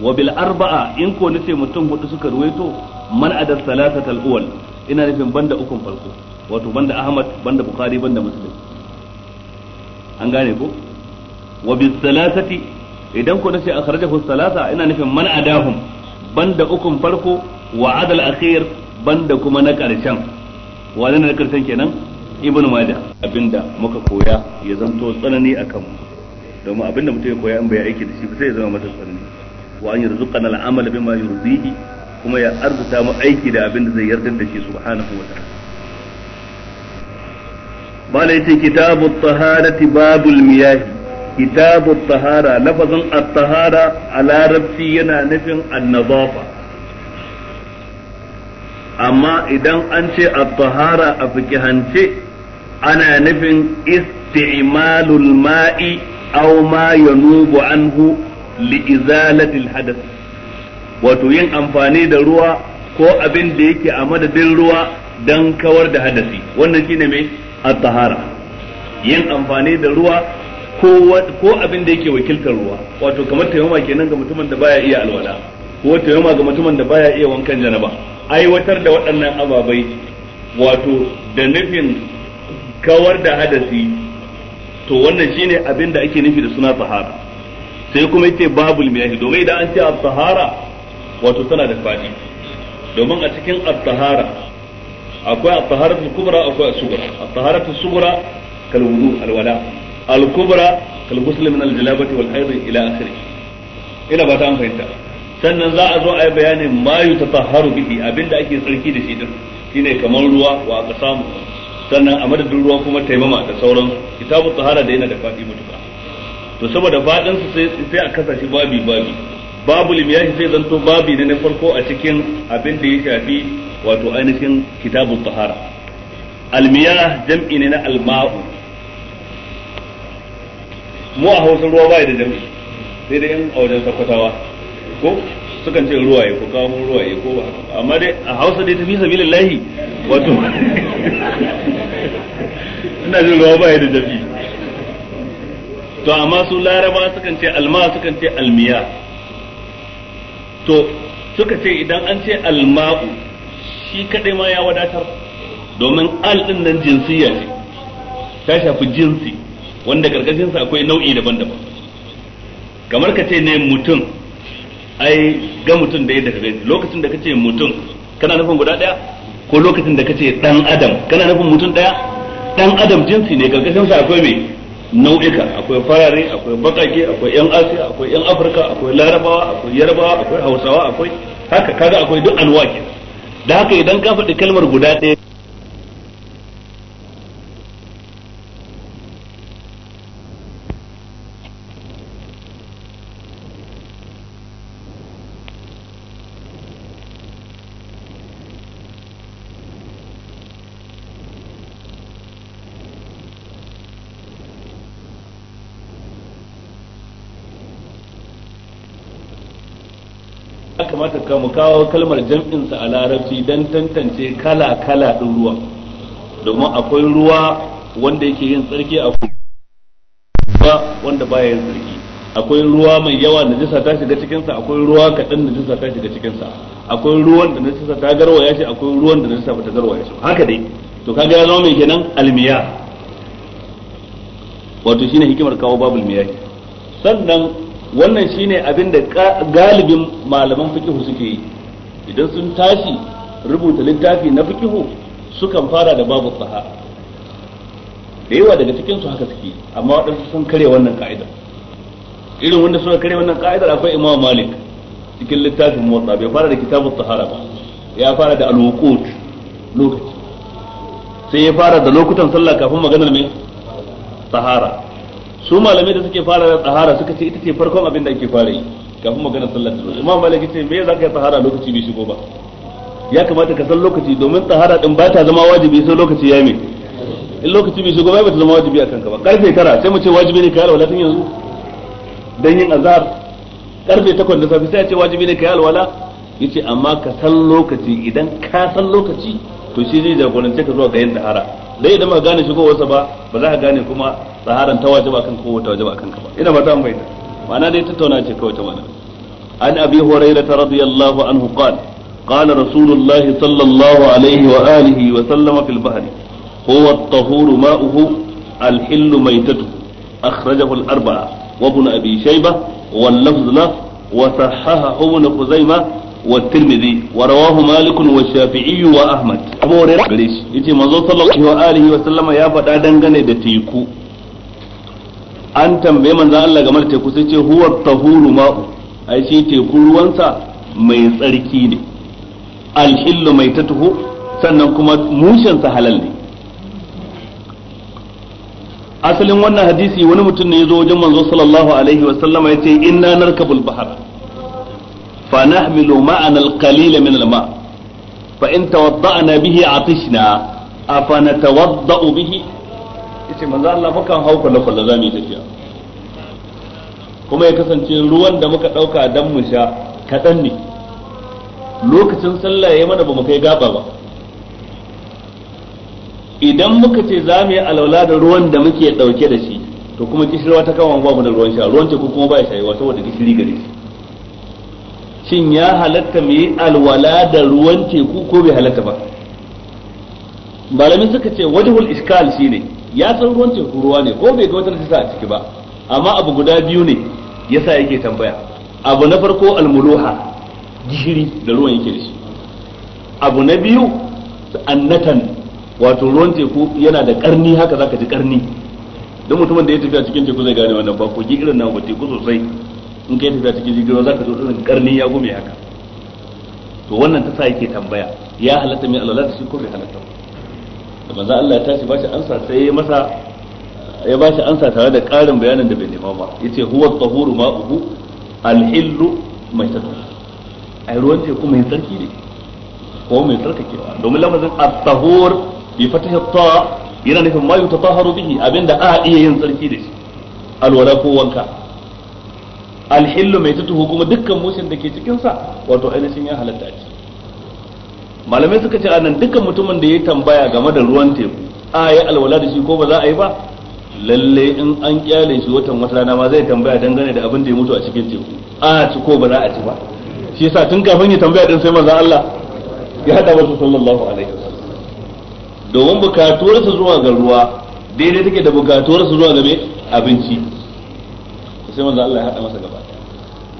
wa bil arba'a in ko nace mutum hudu suka ruwaito man adad salasatal awwal ina nufin banda ukun farko wato banda ahmad banda bukhari banda muslim an gane ko wa bil salasati idan ko nace akhrajahu salasa ina nufin man adahum banda ukun farko wa adal akhir banda kuma na karshen wani na karshen kenan ibnu majah abinda muka koya ya zanto tsanani akan mu domin abinda mutum ya koya an bai aiki da shi ba sai ya zama masa tsanani wa an yarzuqana al'amal bima yurdihi kuma ya arzuta mu aiki da abinda zai yarda da shi subhanahu wa ta'ala bala yace kitabu at-taharati babul miyah kitabu at-tahara lafazin at-tahara a larabci yana nufin an-nadafa amma idan an ce at-tahara a fiqhance ana nufin isti'malul ma'i auma ya yanubu anhu li'izalatil hadath wato yin amfani da ruwa ko abin da yake a madadin ruwa don kawar da hadasi wannan shine mai at-tahara yin amfani da ruwa ko abin da yake wakiltar ruwa wato kamar taimama kenan ga mutumin da baya iya alwala ko taimama ga mutumin da baya iya wankan janaba aiwatar da waɗannan ababai wato da nufin kawar da hadasi to wannan shine abin da ake nufi da suna tahara sai kuma yace babul miyahi domin idan an ce at wato tana da fadi domin a cikin at akwai at kubra akwai as-sughra ta sugura kal wudu al-wala al-kubra kal ghusl min al jalabati wal hayd ila akhiri ina ba ta an fahimta sannan za a zo a yi bayanin ma yutatahharu bihi abinda ake tsarki da shi din shine kamar ruwa wa samu sannan a madadin ruwa kuma taimama da sauran kitabu tahara da yana da fadi mutuka to saboda fadin su sai sai a kasa shi babi babi babu limiyahi sai zanto babi ne na farko a cikin abin da ya shafi wato ainihin kitabun tahara almiya jam'i ne na alma'u mu a hausa ruwa bai da jam'i sai dai yan a wajen sakwatawa ko sukan ce ruwa ko kawo ruwa ko ba amma dai a hausa dai tafi sabilillahi wato ina jin ruwa bai da jam'i to amma su laraba sukan ce alma sukan ce almiya to suka ce idan an ce alma'u shi kadai ma ya wadatar domin al din nan jinsiya ce ta shafi jinsi wanda karkashinsa akwai nau'i daban-daban kamar ka ce ne mutum ai ga mutum da ya daga gani lokacin da ka ce mutum kana nufin guda daya ko lokacin da ka ce dan adam kana nufin mutum daya dan adam jinsi ne karkashinsa akwai mai nau'ika akwai farare akwai bakake akwai yan asiya akwai yan afirka akwai larabawa akwai yarbawa akwai hausawa akwai haka kaga akwai duk alwaki da haka idan ka faɗi kalmar guda ɗaya kamata ka mu kawo kalmar jam'in sa a larabci dan tantance kala kala din ruwa, domin akwai ruwa wanda yake yin tsarki akwai ruwa wanda baya yin tsarki akwai ruwa mai yawa da jisa ta shiga cikin sa akwai ruwa kaɗan da jisa ta shiga cikin sa akwai ruwan da jisa ta ya shi akwai ruwan da jisa ba ta ya shi haka dai to kaga ya zama mai kenan almiya wato shine hikimar kawo babul miyaki sannan wannan shine abin da galibin malaman fikihu suke yi idan sun tashi rubuta littafi na fikihu sukan fara da babu saha da yawa daga cikin su haka suke amma waɗansu sun kare wannan ka'idar irin wanda suka kare wannan ka'idar akwai imam malik cikin littafin motsa bai fara da kitabun tahara ba ya fara da alwukut lokaci sai ya fara da lokutan sallah kafin maganar mai tsahara. su malamai da suke fara tsahara suka ce ita ce farkon abin da ake fara yi kafin magana sallar da imam malik ce me za ka yi tsahara lokaci bai shigo ba ya kamata ka san lokaci domin tsahara din ba ta zama wajibi sai lokaci ya mai in lokaci bai shigo ba ba ta zama wajibi a kanka ba karfe tara sai mu ce wajibi ne ka yi alwala tun yanzu dan yin azhar karfe takwas da safi sai a ce wajibi ne ka yi alwala yace amma ka san lokaci idan ka san lokaci to shi zai jagorance ka zuwa ga yin tsahara dai idan ba gane shigowarsa ba ba za ka gane kuma tsaharan ta waje ba kan ko ta waje ba kan ka ba ina ba ta mai ma'ana dai tattauna ce kawai ta mana an abi hurairah radiyallahu anhu qala qala rasulullah sallallahu alaihi wa alihi wa sallama fil bahri huwa at-tahur ma'uhu al-hillu maytatu akhrajahu al-arba'a wa ibn abi shaybah wal lafz lahu wa sahahahu ibn khuzaimah والترمذي ورواه مالك والشافعي واحمد ابو هريره غريش يجي manzo sallallahu alaihi wa sallama ya faɗa dangane da teku an tambaye manzo Allah game da teku sai ce huwa tahuru ma'u ai shi teku ruwansa mai tsarki ne alhillu mai tatuhu sannan kuma mushen sa halal ne asalin wannan hadisi wani mutum ne ya zo wajen manzo sallallahu alaihi wa sallama ya ce inna narkabul bahara فنحمل معنا القليل من الماء فإن توضأنا به عطشنا أفنتوضأ به Ita manzo Allah kan hau kwallo kwallo zamu yi tafiya kuma ya kasance ruwan da muka dauka dan mu sha kadan ne lokacin sallah yayi mana bamu kai gaba ba idan muka ce za mu yi alaula da ruwan da muke dauke da shi to kuma kishirwa ta kawo ba mu da ruwan sha ruwan ce kuma ba ya wato wanda gishiri gare shi shin ya halatta mu alwala da ruwan teku ko bai halatta ba malamin suka ce wajhul iskal shine ya san ruwan teku ruwa ne ko bai ga wata sa a ciki ba amma abu guda biyu ne yasa yake tambaya abu na farko almuluha gishiri da ruwan yake da shi abu na biyu annatan wato ruwan teku yana da karni haka zaka ji karni don mutumin da ya tafi a cikin teku zai gane wannan ba kogi irin na ba teku sosai in kai tafiya cikin jirgin za ka zo irin karni ya gome haka to wannan ta sa yake tambaya ya halatta mai alwala da shi ko bai halatta da manzo Allah ya tashi bashi ansa sai ya masa ya bashi ansa tare da karin bayanin da bai nema ba yace huwa tahuru ma'uhu alhillu mai tatu ai ruwan teku mai tsarki ne ko mai tsarkakewa domin lafazin at-tahur bi fatahi ta yana nufin ma yutataharu bihi abinda a iya yin tsarki da shi alwala ko wanka alhillu mai tutuhu kuma dukkan mushin da ke cikin sa wato ainihin ya halatta a malamai suka ce anan dukkan mutumin da ya tambaya game da ruwan teku a yi alwala da shi ko ba za a yi ba lalle in an kyale shi watan wata rana ma zai tambaya dangane da abin da ya mutu a cikin teku a ci ko ba za a ci ba shi yasa tun kafin ya tambaya din sai manzo Allah ya hada wasu sallallahu alaihi wasallam domin bukatuwarsa zuwa ga ruwa daidai take da bukatuwarsa zuwa ga abinci to sai manzo Allah ya hada masa gaba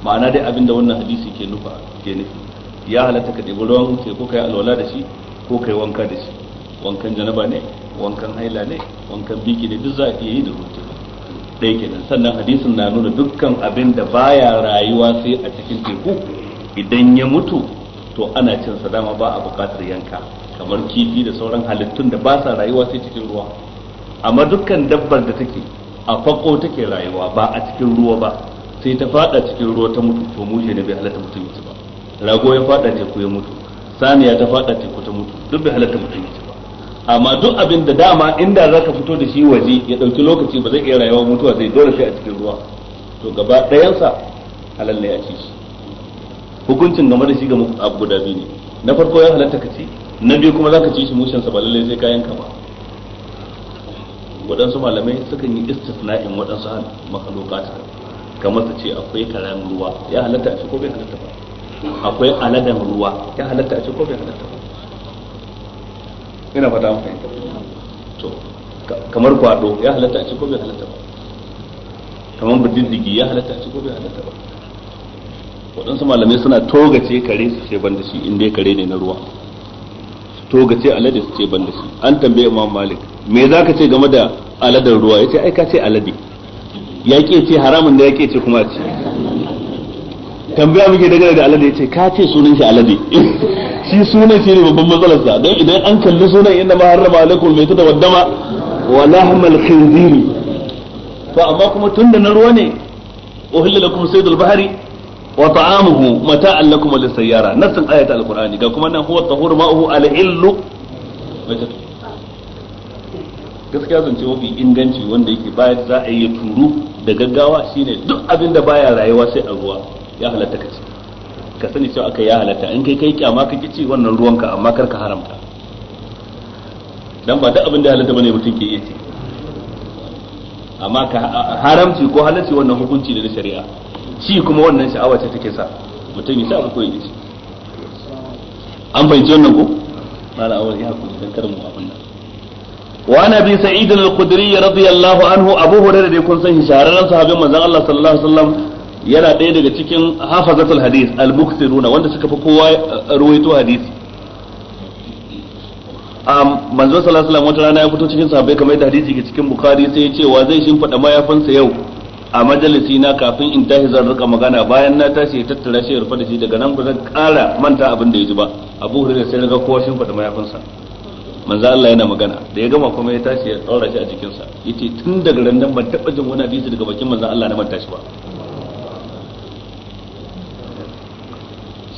ma'ana dai abinda wannan hadisi ke nufa ke nufi ya halatta ka dibi ruwan ce ko kai alwala da shi ko kai wanka da shi wankan janaba ne wankan haila ne wankan biki ne duk za a iya yi da ruwan dai kenan sannan hadisin na nuna dukkan abin da baya rayuwa sai a cikin teku idan ya mutu to ana cin sa dama ba a buƙatar yanka kamar kifi da sauran halittun da ba sa rayuwa sai cikin ruwa amma dukkan dabbar da take a fako take rayuwa ba a cikin ruwa ba sai ta fada cikin ruwa ta mutu to mushe ne bai halatta mutum yace ba rago ya fada teku ya mutu saniya ta fada teku ta mutu duk bai halatta mutum yace ba amma duk abin da dama inda zaka fito da shi waje ya dauki lokaci ba zai iya rayuwa mutuwa zai dole sai a cikin ruwa to gaba ɗayansa halal ne a ci shi hukuncin game da shi ga abu guda biyu ne na farko ya halatta ka ci na biyu kuma zaka ci shi mushen sa ba lallai sai kayan ka ba waɗansu malamai sukan yi istisna'in waɗansu makhlukat kamar su ce akwai karen ruwa ya halatta a ce ko bai halatta ba akwai aladan ruwa ya halatta a ce ko bai halatta ba ina fata an fahimta to kamar kwado ya halatta a ce ko bai halatta ba kamar bididdigi ya halatta a ce ko bai halatta ba waɗansu malamai suna togace kare su ce ban da shi inda kare ne na ruwa togace alade su ce ban da shi an tambaye imam malik me za ka ce game da aladar ruwa ya ce aika ka ce alade ya ke ce haramun da ya ke ce kuma ce tambaya muke daga da alade ya ce ka ce sunan shi alade shi sunan shi ne babban matsalarsa don idan an kalli sunan inda ma harrama alaikum mai tuta waddama wa lahmal khinziri to amma kuma tunda na ruwa ne uhilla lakum saydul bahri wa ta'amuhu mata'an lakum lis-sayyara nassin ayatul qur'ani ga kuma nan huwa tahuru ma'uhu al-illu gaskiya zance mafi inganci wanda yake bayan za a yi turu da gaggawa shine duk abin da baya rayuwa sai a ruwa ya halatta ka ci ka sani cewa aka ya halatta in kai kai kyama ka ci wannan ruwanka amma kar ka haramta dan ba duk abin da halatta bane mutum ke yi amma ka haramci ko halarci wannan hukunci da na shari'a shi kuma wannan sha'awa ce take sa mutum ya sa ko yi an bai ji wannan ko mala awal ya hakuri dan karmu abin nan wa nabi sa'id al-khudri radiyallahu anhu abu hurairah da kun san shi shahararren sahabin manzon Allah sallallahu alaihi wasallam yana ɗaya daga cikin hafazatul hadith al-mukthiruna wanda suka fi kowa ruwaito hadisi am manzo sallallahu alaihi wasallam wata rana ya fito cikin sahabbai kamar yadda hadisi ke cikin bukhari sai ya ce wa zai shimfida mayafansa yau a majalisi na kafin in tashi zan rika magana bayan na tashi ya tattara shi ya rufe da shi daga nan ba zan kara manta abin da ya ji ba abu hurairah sai ga kowa shimfida mayafansa manzo Allah yana magana da ya gama kuma ya tashi ya tsaura shi a cikin sa yace tun daga ran nan ban taba jin wani hadisi daga bakin manzo Allah na manta shi ba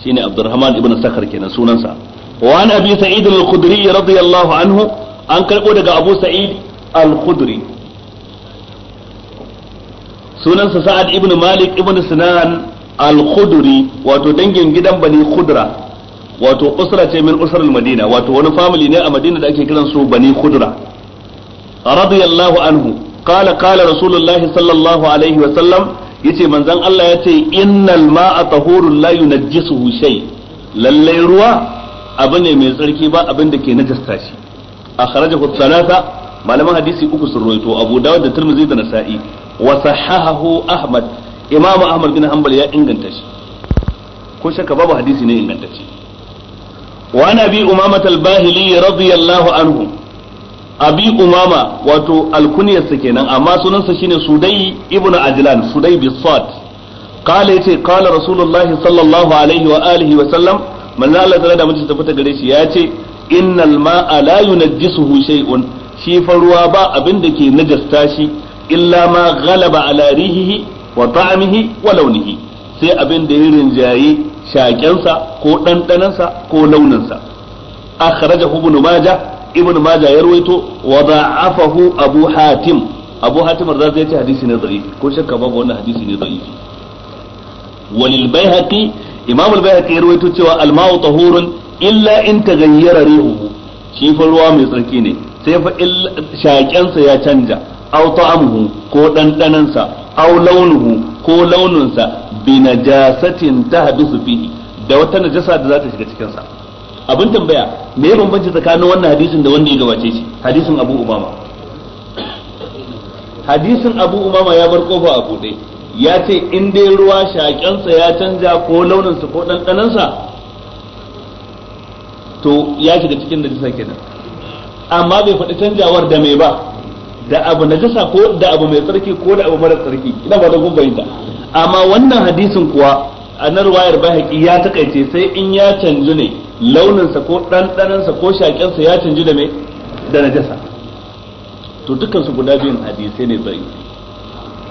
shine Abdurrahman ibn Sakhar kenan sunansa wa an Abi Sa'id al-Khudri radiyallahu anhu an karbo daga Abu Sa'id al-Khudri sunansa Sa'ad ibn Malik ibn Sinan al-Khudri wato dangin gidan Bani Khudra wato usra ce min usrul madina wato wani family ne a madina da ake kiransu bani khudra radiyallahu anhu qala qala rasulullahi sallallahu alaihi wa sallam yace manzon Allah yace innal ma'a tahurun la yunajjisuhu shay lalle ruwa abu ne mai tsarki ba abin da ke najasta shi akhrajahu thalatha malaman hadisi uku sun ruwaito Abu Dawud da Tirmidhi da Nasa'i wa sahahahu Ahmad imamu Ahmad bin Hanbal ya inganta shi ko shakka babu hadisi ne ingantacce وعن أبي أمامة الباهلي رضي الله عنه أبي أمامة واتو الكنية سكينا أما سننسى شين سودي ابن عجلان سودي بالصاد قال يتي قال رسول الله صلى الله عليه وآله وسلم من لا الله تعالى من تستفتى قريش ياتي إن الماء لا ينجسه شيء shi ruwa ba abin da ke najasta shi illa ma galaba ala rihihi wa ta'amihi wa launihi sai abin da ya rinjaye shaƙensa ko ɗanɗanansa ko launinsa akhrajahu ibn majah ibn majah ya ruwaito wa da'afahu abu hatim abu hatim razi ya ce hadisi ne da'ifi ko shakka babu wannan hadisi ne da'ifi walil bayhaqi imam bayhaqi ya ruwaito cewa al-ma'u tahurun illa in taghayyara ruhu shi fa ruwa mai tsarki ne sai fa shakensa ya canja aw ta'amuhu ko ɗanɗanansa aw launuhu ko launinsa bi najasatin tahdusu fihi da wata najasa da za ta shiga cikin sa abin tambaya me ya bambanci tsakanin wannan hadisin da wanda ya gabace shi hadisin Abu Umama hadisin Abu Umama ya bar kofa a bude ya ce in dai ruwa sa ya canja ko launinsa ko sa to ya shiga cikin najasa kenan amma bai faɗi canjawar da mai ba da abu najasa ko da abu mai tsarki ko da abu mara tsarki ina ba da kun fahimta amma wannan hadisin kuwa a nan ruwayar bahaki ya takaice sai in ya canji ne launinsa ko ɗanɗanansa ko shaƙensa ya canji da mai da najasa to dukansu guda biyun hadisai ne bai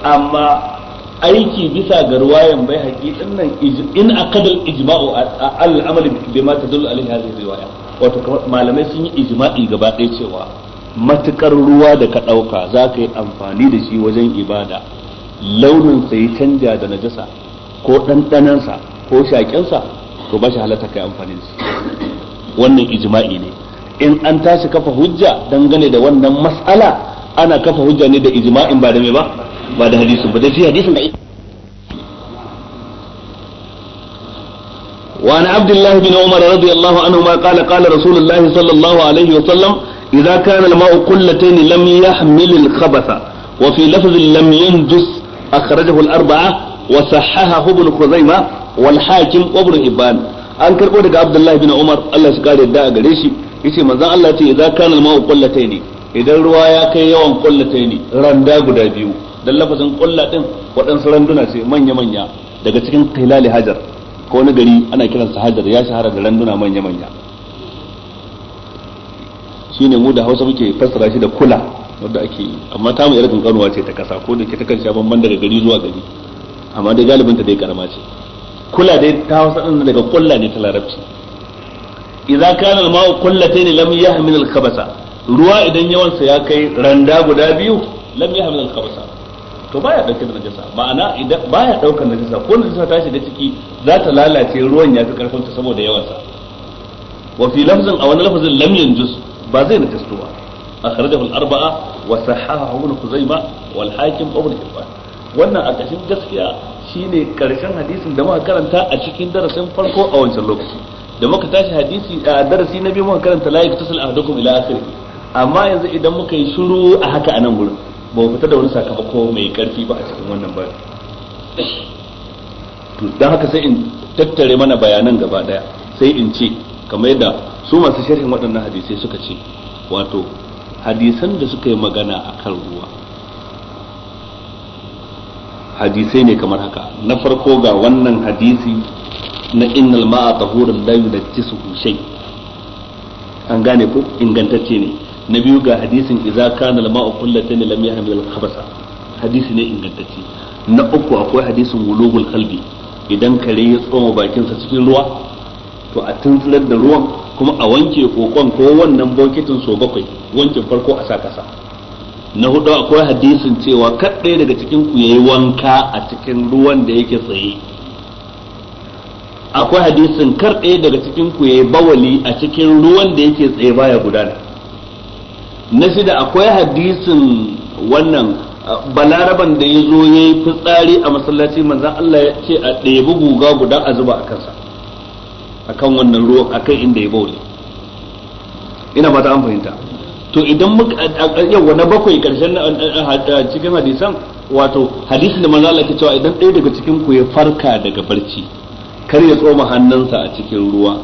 amma aiki bisa ga ruwayan bai haƙi nan in a kadal ijma'u al'amali bai ma ta dole alin hadin riwaya wato malamai sun yi ijma'i gaba ɗaya cewa matukar ruwa da ka ɗauka za ka yi amfani da shi wajen ibada launin sa ya canja da najasa ko ɗanɗanan sa ko shaƙen sa to ba shi halatta kai amfani da wannan ijma'i ne in an tashi kafa hujja dangane da wannan mas'ala ana kafa hujja ne da ijma'in ba da me ba ba da hadisin ba da shi hadisin da وعن عبد الله بن عمر رضي الله عنهما قال قال رسول الله صلى الله عليه وسلم إذا كان الماء قلتين لم يحمل الخبث وفي لفظ لم ينجس akhrajahu arbaa wa sahahahu ibn khuzaimah wal hakim wa ibn hibban an karɓo daga abdullahi bin umar Allah shi kare da gare shi Ya yace manzon Allah ce idza kana al-ma'u qullataini idan ruwa ya kai yawan qullataini randa guda biyu dan lafazin qulla din waɗansu randuna ce manya manya daga cikin qilali hajar ko wani gari ana kiransa hajar ya shahara da randuna manya manya shine mu da Hausa muke fassara shi da kula wanda ake yi amma ta mu irin kanuwa ce ta kasa ko da ke kan sha bamban daga gari zuwa gari amma dai galibin ta dai karama ce kula dai ta hausa din daga kulla ne ta larabci idza kana al-ma'u qullatayn lam yahmil al-khabasa ruwa idan yawansa ya kai randa guda biyu lam yahmil al-khabasa to baya dauke da najasa ma'ana idan baya daukar najasa ko najasa ta shiga ciki za ta lalace ruwan ya fi karfin ta saboda yawansa wa fi lafzin a wani lafzin lam yanjus ba zai najastu ba akhrajahu al-arba'a wa sahahahu ibn kuzaima wal hakim ibn hibban wannan a kashin gaskiya shine karshen hadisin da muka karanta a cikin darasin farko a wancan lokaci da muka tashi hadisi a darasi na biyu muka karanta la yaktasil ahadukum ila akhir amma yanzu idan muka yi shiru a haka anan gurin ba fita da wani sakamako mai karfi ba a cikin wannan ba to dan haka sai in tattare mana bayanan gaba daya sai in ce kamar yadda su masu sharhin waɗannan hadisai suka ce wato hadisan da suka yi magana kan ruwa hadisai ne kamar haka na farko ga wannan hadisi na innal ma'a tahurun la yunajjisuhu shay an gane ko ingantacce ne na biyu ga hadisin idza kana al-ma'u ta lam yahmil al-khabasa hadisi ne ingantacce na uku akwai hadisin wulugul qalbi idan kare ya tsoma bakinsa cikin ruwa to a tuntular da ruwan kuma a wanke kokon ko wannan bokitin so bakwai wankin farko a sa kasa na hudu akwai hadisin cewa ɗaya daga cikin ku yayi wanka a cikin ruwan da yake tsaye akwai hadisin kar ɗaya daga cikin ku yayi bawali a cikin ruwan da yake tsaye baya gudana na shida akwai hadisin wannan balaraban da ya zo ya yi fitsari a masallaci manzan Allah ya ce a ɗebi guga guda a zuba a kansa akan wannan ruwan akan inda ya bauli ina ba ta an fahimta to idan muka yawa na bakwai karshen cikin hadisan wato hadisi da manzo Allah ke cewa idan ɗaya daga cikin ku ya farka daga barci kar ya tsoma hannunsa a cikin ruwa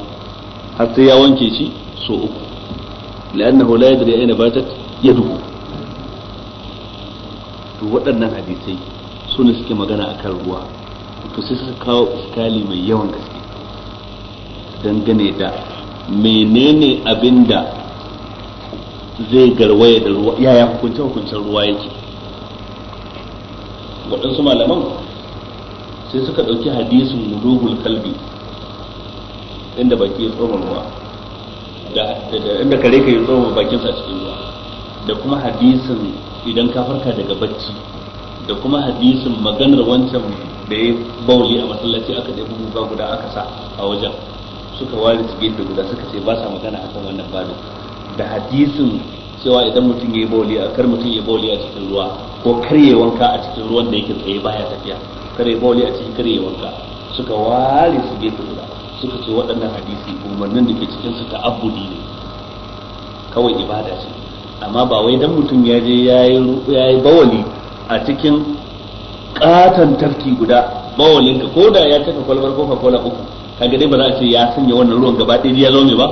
har sai ya wanke shi so uku la'annahu la yadri ayna batat yaduhu to waɗannan hadisai su ne suke magana akan ruwa to sai suka kawo iskali mai yawan gaske dangane da menene abinda zai garwaya da ruwa yaya hukunce hukuncen ruwa yake waɗansu malaman sai suka ɗauki hadisin mudugul kalbi inda baki ya tsoma ruwa da inda kare ka yi tsoma bakinsa a cikin ruwa da kuma hadisin idan ka farka daga bacci da kuma hadisin maganar wancan da ya bauli a masallaci aka ɗaya bugu guda aka sa a wajen suka ware su gefe guda suka ce ba sa magana akan wannan Bado da hadisin cewa idan mutum ya yi bauli a kar mutum ya bauli a cikin ruwa ko karye wanka a cikin ruwan da yake tsaye baya tafiya kar ya bauli a cikin karye wanka suka ware su gefe guda suka ce waɗannan hadisi umarnin da ke cikin su abudi ne kawai ibada ce amma ba wai dan mutum ya je ya yi bawali a cikin katon tafki guda bawalinka ko da ya cika kwalbar kofa cola uku kaga dai ba za a ce ya sanya wannan ruwan gaba ɗaya ya zo mai ba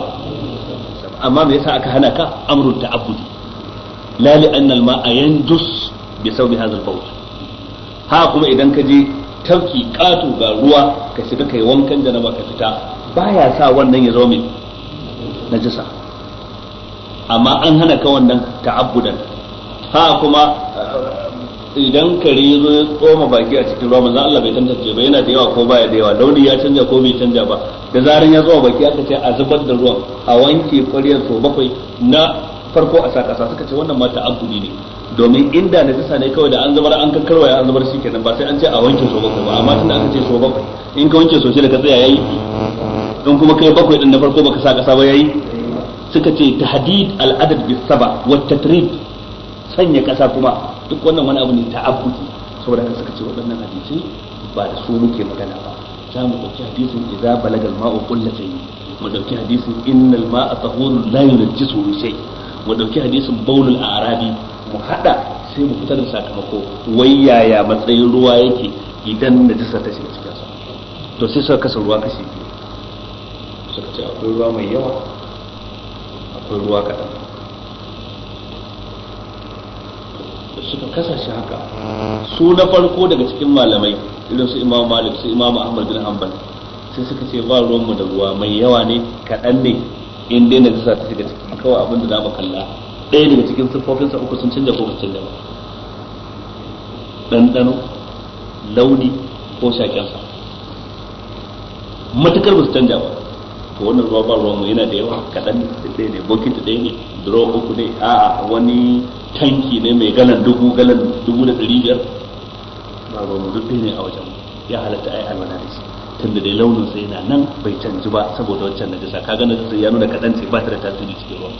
amma me yasa aka hana ka amrun ta'abbudi la li anna al-ma'a yanjus bi sawbi hadha al ha kuma idan ka je tafki katu ga ruwa ka shiga kai wankan da ba ka fita baya sa wannan ya zo mai najasa amma an hana ka wannan ta'abbudan ha kuma idan kare ya zo ya tsoma baki a cikin ruwa manzon Allah bai tantance ba yana da yawa ko baya da yawa launi ya canja ko bai canja ba da zaran ya zuwa baki aka ce a zubar da ruwan a wanke ƙwaryar so bakwai na farko a sa ƙasa suka ce wannan ma ta'abbudi ne domin inda najasa ne kawai da an zubar an kakkarwa ya an zubar shi kenan ba sai an ce a wanke so bakwai ba amma tunda aka ce so bakwai in ka wanke so shi da ka tsaya yayi don kuma kai bakwai din na farko baka sa ƙasa ba yayi suka ce tahdid al-adad bis saba wa tatrib sanya ƙasa kuma duk wannan wani abu ne ta abuki saboda haka suka ce waɗannan hadisai ba da su muke magana ba za mu ɗauki hadisin idza balagal ma'u qullatayn mu ɗauki hadisin innal ma'a tahurun la yunajjisu shay mu ɗauki hadisin baulul arabi mu hada sai mu fitar da sakamako wai yaya matsayin ruwa yake idan jisa ta shiga cikin sa to sai suka kasa ruwa kashi biyu suka ce akwai ruwa mai yawa akwai ruwa kaɗan suka kasashe haka su na farko daga cikin malamai irin su imam malik su imam ahmad bin hanbal sai suka ce ba ruwanmu da ruwa mai yawa ne kaɗan ne in dai na ta shiga ciki kawai abin da za mu kalla ɗaya daga cikin sa uku sun canja ko sun canja ba ɗanɗano launi ko sa matukar ba su canja ba to wannan ruwa ba ruwanmu yana da yawa kaɗan ne ɗaya ne bokiti ɗaya ne duro uku ne a'a wani tanki ne mai galan dubu galan dubu da ɗari biyar ba ba mu duk ne a wajen ya halatta ai alwana da shi tunda dai launin sa yana nan bai canji ba saboda wancan na jisa ka na najasa ya nuna kadan ce ba ta da tasiri cikin ruwa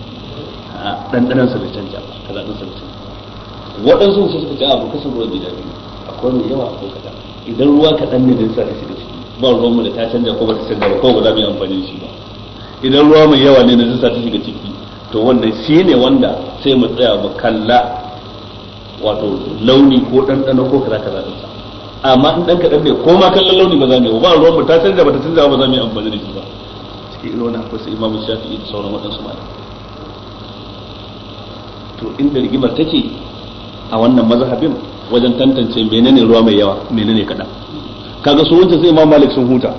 ɗanɗanan sa bai canja ba kaza ɗan sa bai canja waɗansu su suka ga abu kasan ruwa gida biyu akwai mai yawa akwai kaɗan idan ruwa kaɗan ne da sa da shi da ciki ba ruwan mu da ta canja ko ba ta canja ba ko ba za mu yi amfani da shi ba idan ruwa mai yawa ne da sa ta shiga ciki to wannan ne wanda sai mu tsaya mu kalla wato launi ko ɗanɗano ko kaza kaza ɗin sa amma in ɗan kaɗan ne ko ma kallon launi ba za mu yi ba ruwan mu ta canza ba ta canza ba za mu yi amfani da shi ba cikin irin wannan akwai sai imamu shafi da sauran waɗansu ba. to inda rigimar take a wannan mazhabin wajen tantance menene ruwa mai yawa menene kaɗan? kaga su wancan sai imam malik sun huta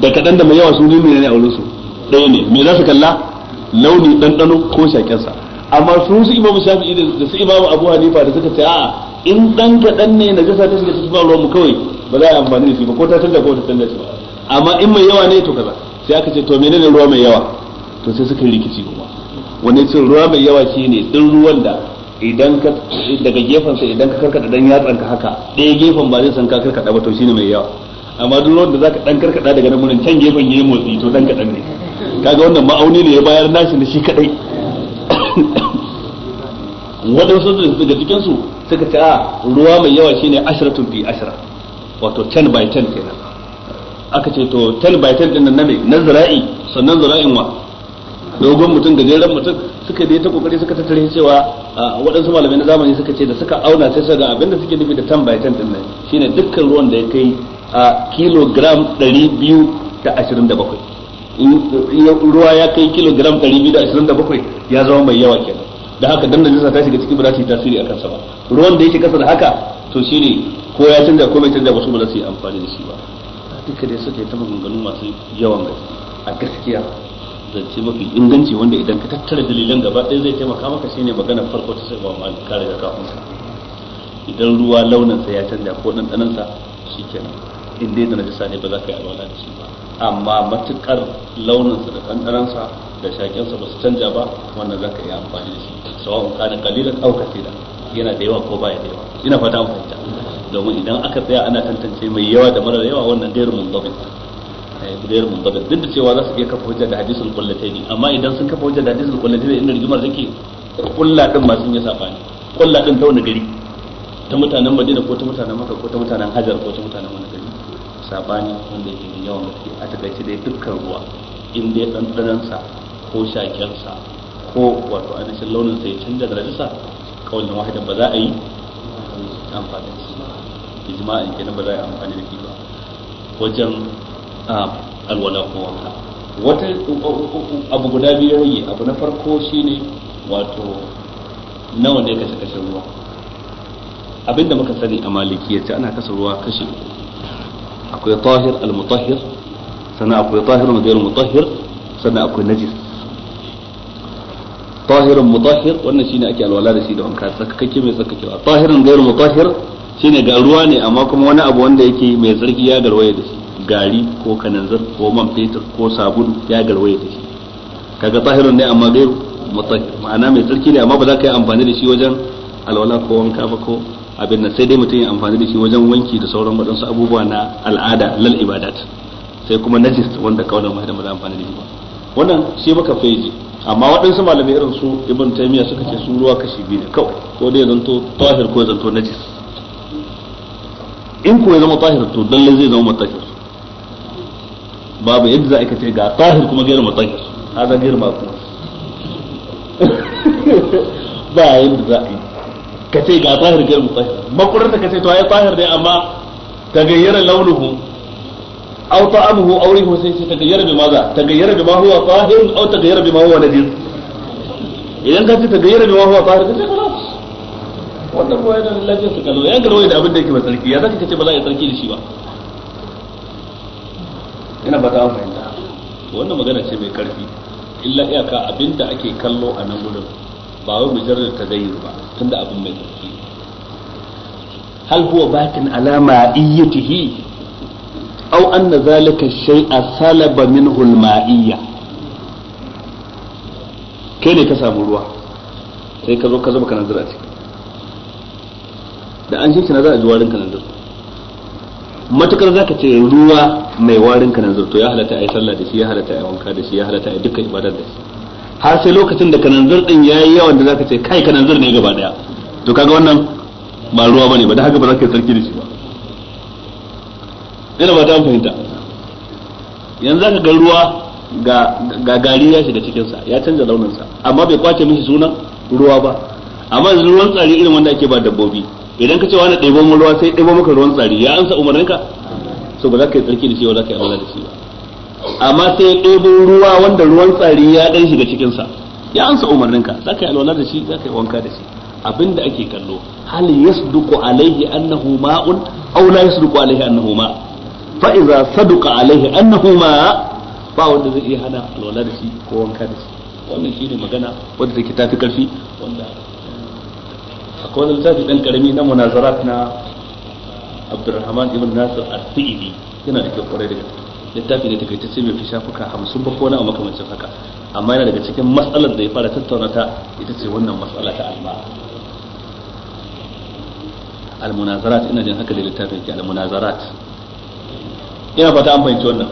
da kaɗan da mai yawa sun ne menene a wurin su ɗaya ne me za su kalla launi ɗanɗano ko shaƙensa amma su su imamu shafi'i da su imamu abu hanifa da suka ce a'a in ɗan kaɗan ne na gasa ta shiga cikin ruwan mu kawai ba za a amfani da shi ba ko ta canza ko ta canza ba amma in mai yawa ne to kaza sai aka ce to menene ruwa mai yawa to sai suka rikici kuma wani ce ruwa mai yawa shi ne ɗin ruwan da idan ka daga gefen sa idan ka karkada dan yatsan ka haka ɗaya gefen ba zai san ka karkada ba to shine mai yawa amma duk ruwan da zaka dan karkada daga nan mun can gefen yayi motsi to dan kaɗan ne kaga wannan ma'auni ne ya bayar nashi da shi kadai waɗansu daga cikin su suka ce a ruwa mai yawa shine ashratun bi ashra wato 10 by 10 kenan aka ce to 10 by 10 dinnan nabi na me zira'i sannan zira'in wa dogon mutum gajeren mutum suka dai ta kokari suka tattare cewa waɗansu malamai na zamani suka ce da suka auna sai suka ga da suke nufi da 10 by 10 dinnan shine dukkan ruwan da ya kai a kilogram 227 ruwa ya kai kilogram 227 ya zama mai yawa kenan da haka dan najasa ta shiga ciki ba za su a tasiri ba ruwan da yake kasa da haka to ne ko ya canza ko mai canza ba su ba za su yi amfani da shi ba duka da suka yi ta maganganu masu yawan gaske a gaskiya zance mafi inganci wanda idan ka tattara dalilan gaba ɗaya zai taimaka maka shi ne maganar farko ta sai ba ma kare da ka idan ruwa launinsa ya canza ko ɗanɗanonsa shi kenan in dai da najasa ne ba za ka yi alwala da shi ba amma matukar launinsa da kankaransa da shakensa ba su canja ba wannan za ka iya amfani da shi sawa'un kana kalilan au da yana da yawa ko baya da yawa ina fata mu fahimta domin idan aka tsaya ana tantance mai yawa da mara yawa wannan mun gairu mundabil eh, mun mundabil duk da cewa za su iya kafa hujja da hadisul qullataini amma idan sun kafa hujja da hadisul qullataini inda rigimar take kullu din ma sun yi sabani kullu din ta wani gari ta mutanen Madina ko ta mutanen Makka ko ta mutanen Hajar ko ta mutanen wani gari sabani wanda yake da yawan gaske a takaice dai dukkan ruwa in dai sa ko shakensa ko wato ainihin launin sai canja da rajisa da wahidan ba za a yi amfani da shi ijma'in kenan ba za a yi amfani da shi ba wajen alwala ko wanka wata abu guda biyu yayi abu na farko shine wato nawa ne kashe kashe ruwa abinda muka sani a malikiyar ana kasa ruwa kashe uku akwai tahir al-mutahhir sannan akwai tahirun ghayr mutahhir sannan akwai najis tahirun mutahhir wannan shine ake alwala da shi da wanka tsakakke mai tsakakewa tahirun ghayr mutahhir shine ga ruwa ne amma kuma wani abu wanda yake mai zargi ya garwaye da shi gari ko kananzir ko man fetur ko sabulu ya garwaye da shi kaga tahirun ne amma ghayr mutahhir ma'ana mai zargi ne amma ba za ka yi amfani da shi wajen alwala ko wanka ba ko abin nan sai dai mutum ya amfani da shi wajen wanki da sauran waɗansu abubuwa na al'ada lal ibadat sai kuma najis wanda kawai mai da amfani da shi ba wannan shi maka feji amma waɗansu malamai irin su ibn taymiya suka ce su ruwa kashi biyu ne kawai ko dai zanto tahir ko zanto najis in ko ya zama tahir to lalle zai zama mutahhir babu yadda za a kace ga tahir kuma gairu mutahhir hada girma ku ba yadda za a yi ka ce ga tahir gairu tahir makurarta ka ce to ai tahir ne amma gayyara launuhu aw ta'amuhu aw rihu sai ta gayyara bi maza ta gayyara bi ma huwa tahir aw gayyara bi ma huwa nadir idan ka ce ta gayyara bi ma huwa tahir ka ce wannan ruwa yana da lafiya su kallo ya garwaye da abin da yake ba sarki ya zaka ce ba za a yi sarki da shi ba ina ba ta fahimta wannan magana ce mai karfi illa iyaka abinda ake kallo a nan gudun ba wai mujarrad tazayyur ba tunda abin mai ƙarfi. hal huwa batin ala ma'iyatihi aw anna zalika shay'a salaba minhu al-ma'iyya kai ne ka samu ruwa sai ka zo ka zuba kananzir a ciki da an shi na za a ji warin kananzir matukar za ka ce ruwa mai warin kananzir to ya halatta a yi sallah da shi ya halatta a yi wanka da shi ya halatta a yi dukkan ibadar da shi har sai lokacin da kananzir din yayi yawan da zaka ce kai kananzir ne gaba daya to kaga wannan ba ruwa bane ba da haka ba za ka yi sarki da shi ba ina ba ta fahimta yanzu zaka ga ruwa ga ga gari ya shiga cikin sa ya canza launin sa amma bai kwace mishi sunan ruwa ba amma yanzu ruwan tsari irin wanda ake ba dabbobi idan ka ce wani ɗebo mu ruwa sai ɗebo maka ruwan tsari ya ansa umarninka so ba za ka yi tsarki da shi ba za ka yi amala da shi ba amma sai ya ɗebo ruwa wanda ruwan tsari ya ɗan shiga cikinsa ya ansa umarninka za ka yi alwala da shi za ka yi wanka da shi abinda ake kallo hal yasduqu alaihi annahu ma'un aw la yasduqu alaihi annahu ma fa idza saduqa alaihi annahu ma ba wanda zai iya hana alwala da shi ko wanka da shi wannan shine magana wanda take tafi karfi wanda akwai wani littafi dan karami na munazarat na Abdulrahman ibn Nasir al-Sa'idi yana da kyau kwarai da gaske littafi ne takaitacce bai fi shafuka hamsin ba ko na makamancin haka amma yana daga cikin matsalar da ya fara tattauna ta ita ce wannan matsala ta alma almunazarat ina jin haka da littafin ke almunazarat ina fata an fahimci wannan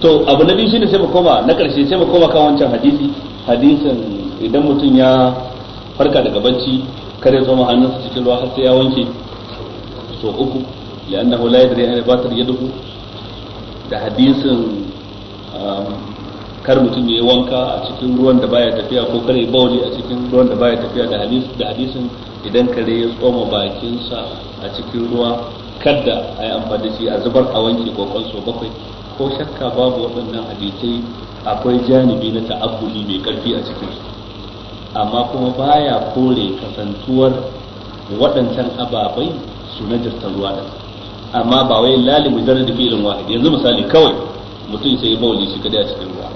to abu na biyu shine sai mu koma na karshe sai mu koma kan wancan hadisi hadisin idan mutum ya farka daga bacci kare zoma hannunsa cikin ruwa har sai ya wanke so uku li'annahu la yadri an batar yaduhu da hadisin um, kar mutum ya yi wanka a cikin ruwan da baya tafiya ko kare bauli a cikin ruwan da baya tafiya da hadisin idan kare ya tsoma bakinsa a cikin ruwa kadda a yi amfani da shi a zubar a wanke kokon so bakwai ko shakka babu waɗannan hadisai akwai janibi na ta'abbudi mai karfi a cikin amma kuma baya kore kasantuwar waɗancan ababai su najasta ruwa da amma ba wai lalim mujarrad fi'lin wahid yanzu misali kawai mutum sai bauli shi kadai a cikin ruwa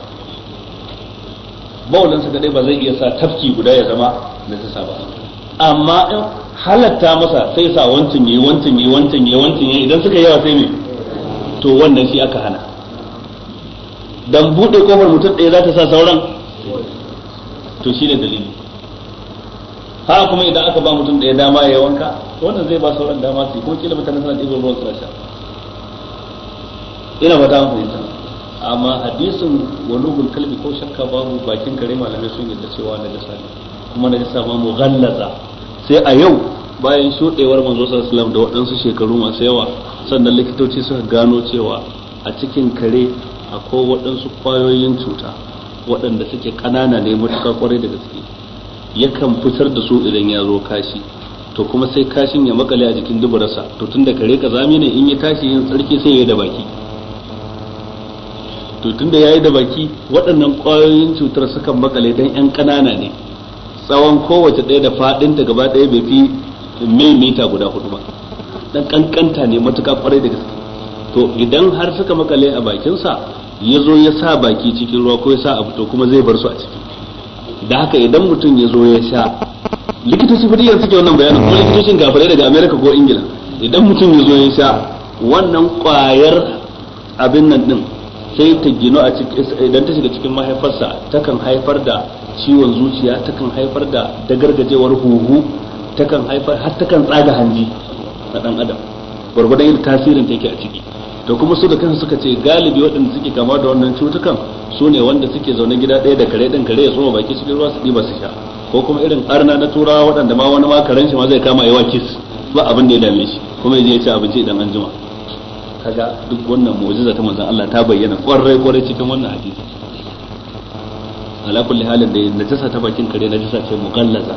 baulin sa kadai ba zai iya sa tafki guda ya zama na sassa ba amma in halatta masa sai sa wancin yayi wancin yayi wancin yayi wancin yayi idan suka yawa sai me to wannan shi aka hana dan bude kofar mutum ɗaya za ta sa sauran to shi ne dalili ha kuma idan aka ba mutum da ya dama ya wanka wannan zai ba sauran dama su ko kila mutane suna ɗiban ruwan suna sha ina ba dama fahimta amma hadisin walubul kalbi ko shakka babu bakin kare malamai sun da cewa na jasa ne kuma na jasa ma gallaza sai a yau bayan shuɗewar manzo sallallahu da waɗansu shekaru masu yawa sannan likitoci suka gano cewa a cikin kare akwai waɗansu kwayoyin cuta waɗanda suke ƙanana ne matuƙa kwarai da gaske yakan fitar da su idan ya zo kashi to kuma sai kashin ya makale a jikin duburarsa to tun da kare kazami ne in ya tashi yin tsarki sai ya yi da baki to tun da ya yi da baki waɗannan ƙwayoyin cutar sukan makale don 'yan ƙanana ne tsawon kowace ɗaya da faɗin ta gaba ɗaya bai fi mita guda hudu ba dan ƙanƙanta ne matuƙa ƙwarai da gaske to idan har suka makale a bakinsa ya zo ya sa baki cikin ruwa ko ya sa abu, to kuma zai bar su a ciki da haka idan mutum ya zo ya sha likitoci fi diyar suke wannan bayanin kuma likitocin gafarai daga Amerika ko Ingila idan mutum ya zo ya sha wannan kwayar abin nan din sai ta gino a cikin idan ta shiga cikin mahaifarsa takan haifar da ciwon zuciya takan haifar da dagargajewar huhu takan haifar har takan tsaga hanji na dan adam gwargwadon yin tasirin ta take a ciki to kuma su da kansu suka ce galibi waɗanda suke kama da wannan cutukan su ne wanda suke zaune gida ɗaya da kare ɗin kare ya soma baki cikin ruwa su ɗiba su sha ko kuma irin arna na turawa waɗanda ma wani makaran shi ma zai kama yawa kis ba abin da ya dame shi kuma ya je ya ci abinci idan an jima kaga duk wannan mu'jiza ta manzon Allah ta bayyana kwarai kwarai cikin wannan hadisi ala kulli halin da najasa ta bakin kare najasa ce mugallaza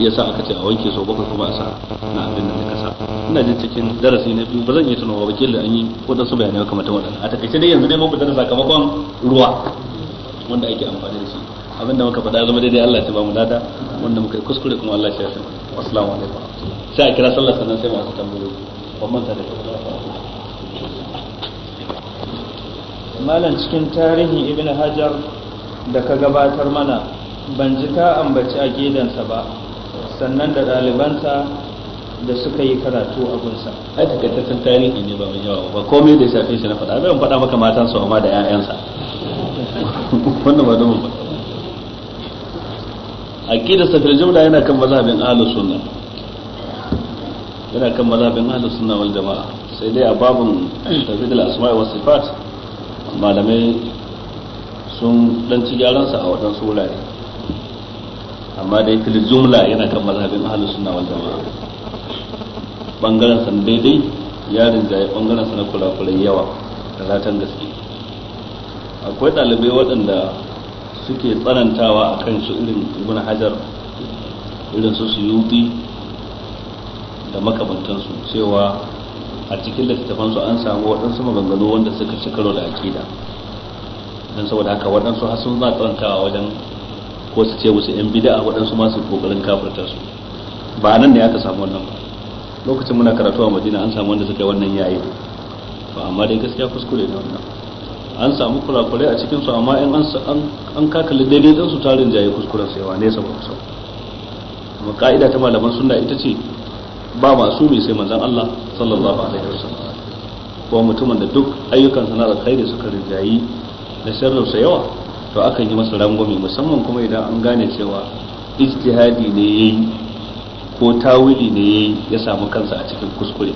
shi yasa aka ce a wanke sau bakwai kuma a sa na abin da aka sa ina jin cikin darasi na biyu ba zan iya tunawa ba kila an yi wadansu bayanai kamar ta waɗannan a takaice dai yanzu dai mun fitar da sakamakon ruwa wanda ake amfani da shi abin da muka faɗa zama daidai Allah ya ba mu lada wanda muka yi kuskure kuma Allah ya shafe assalamu alaikum sai a kira sallar sannan sai masu tambayoyi wannan ta da malam cikin tarihin ibn hajar da ka gabatar mana ban ji ka ambaci a gidansa ba sannan da ɗalibansa da suka yi karatu a gunsa ai takaitaccen tarihi ne ba mai yawa ba komai da shafe shi na faɗa bai faɗa maka matan su amma da 'ya'yansa wannan ba domin ba aqidar sa fil jumla yana kan mazhabin ahlus sunna yana kan mazhabin ahlus sunna wal jamaa sai dai a babun tawhid al asma'i was sifat malamai sun dan ci garansa a wadan surare amma dai fil jumla yana kan mazhabin ahlus sunna wal jamaa bangaren san daidai ya ya bangaren sa na kurakurai yawa da zatan gaske akwai dalibai waɗanda suke tsanantawa a kan su irin ibn hajar irin su suyuti da makamantansu cewa a cikin littattafansu an samu waɗansu maganganu wanda suka ci karo da akida don saboda haka waɗansu hasun sun za wajen ko su ce musu yan bid'a waɗansu masu kokarin kafirta su ba nan ne aka samu wannan ba lokacin muna karatu a madina an samu wanda suka yi wannan yayi ba amma dai gaskiya kuskure ne wannan an samu kurakurai a cikin su amma in an kakali daidai dan su tarin jaye kuskuren sai wa ne saboda kusa amma ka'ida ta malaman sunna ita ce ba masumi sai manzon Allah sallallahu alaihi wasallam ko mutumin da duk ayyukan na da kai da suka rinjayi da sharrin sa yawa to akan yi masa rangwame musamman kuma idan an gane cewa ijtihadi ne yayi ko tawili ne yayi ya samu kansa a cikin kuskure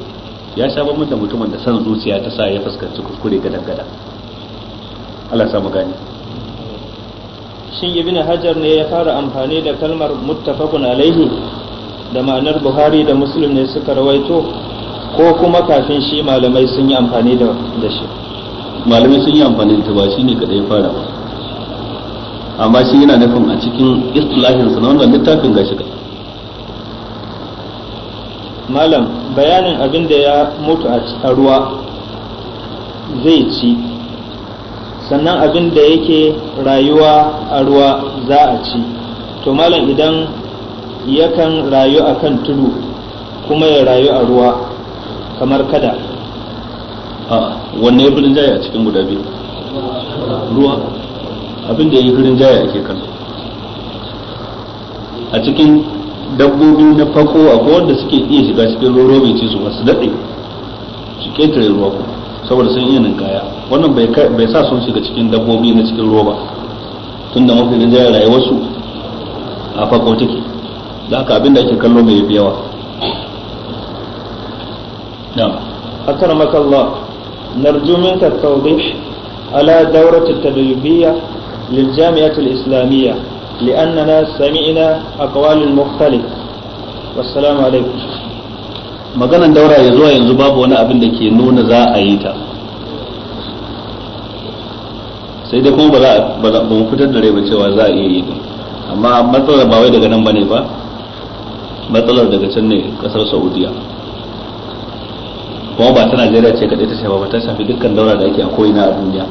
ya sha bambam da mutumin da san zuciya ta sa ya fuskanci kuskure gadan gadan Allah samu gani shin ibn hajar ne ya fara amfani da kalmar muttafaqun alaihi da ma'anar buhari da muslim ne suka rawaito ko kuma kafin shi malamai sun yi amfani da shi malamai sun yi amfani da ba shi ne kadai fara amma shi yana nufin a cikin istilahin sa wannan littafin gashi ka malam bayanin abin da ya mutu a ruwa zai ci sannan abin da yake rayuwa a ruwa za a ci to malam idan yakan rayu a kan tudu kuma ya rayu a ruwa kamar kada a wanne ya fi a cikin guda biyu ruwa abin da ya yi firin jaya ake kallo a cikin dabbobi na fako a wanda suke iya shiga cikin mai ce su masu daɗe su ƙetare ruwa ku saboda sun iya ninkaya wannan bai sa sun shiga cikin dabbobi na cikin roba tun da mafi rayuwar su a fako take da haka abin da ake kallo mai yabi yawa na أكرمك الله narjumin منك التوضيح على دورة للجامعة الإسلامية لأننا سمعنا أقوال المختلف والسلام عليكم maganan daura ya zuwa yanzu babu wani abin da ke nuna za a yi ta sai dai kuma ba mu fitar da rai ba cewa za a iya yi ne amma matsalar ba wai daga nan bane ba matsalar daga can ne kasar saudiya kuma ba ta najeriya ce kadai ta shafa ba ta shafi dukkan daura da ake a ko'ina a duniya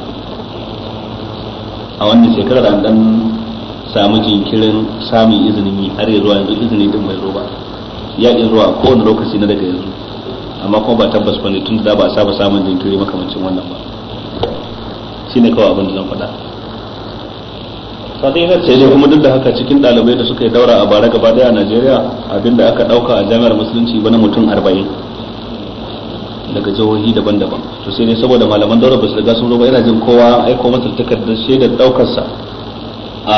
a wannan shekarar an dan samu jinkirin samun izinin yi har zuwa yanzu izini din bai zo ba ya iya zuwa kowane lokaci na daga yanzu amma kuma ba tabbas bane tun da ba saba samun jinkiri makamancin wannan ba shine kawai abin da zan faɗa sai dai kuma duk da haka cikin ɗalibai da suka yi daura a bara gaba daya a Najeriya abinda aka ɗauka a jami'ar musulunci bana mutum arba'in daga jihohi daban-daban to sai ne saboda malaman daura ba su riga sun roba yana jin kowa aiko masa takardar shaidar daukarsa a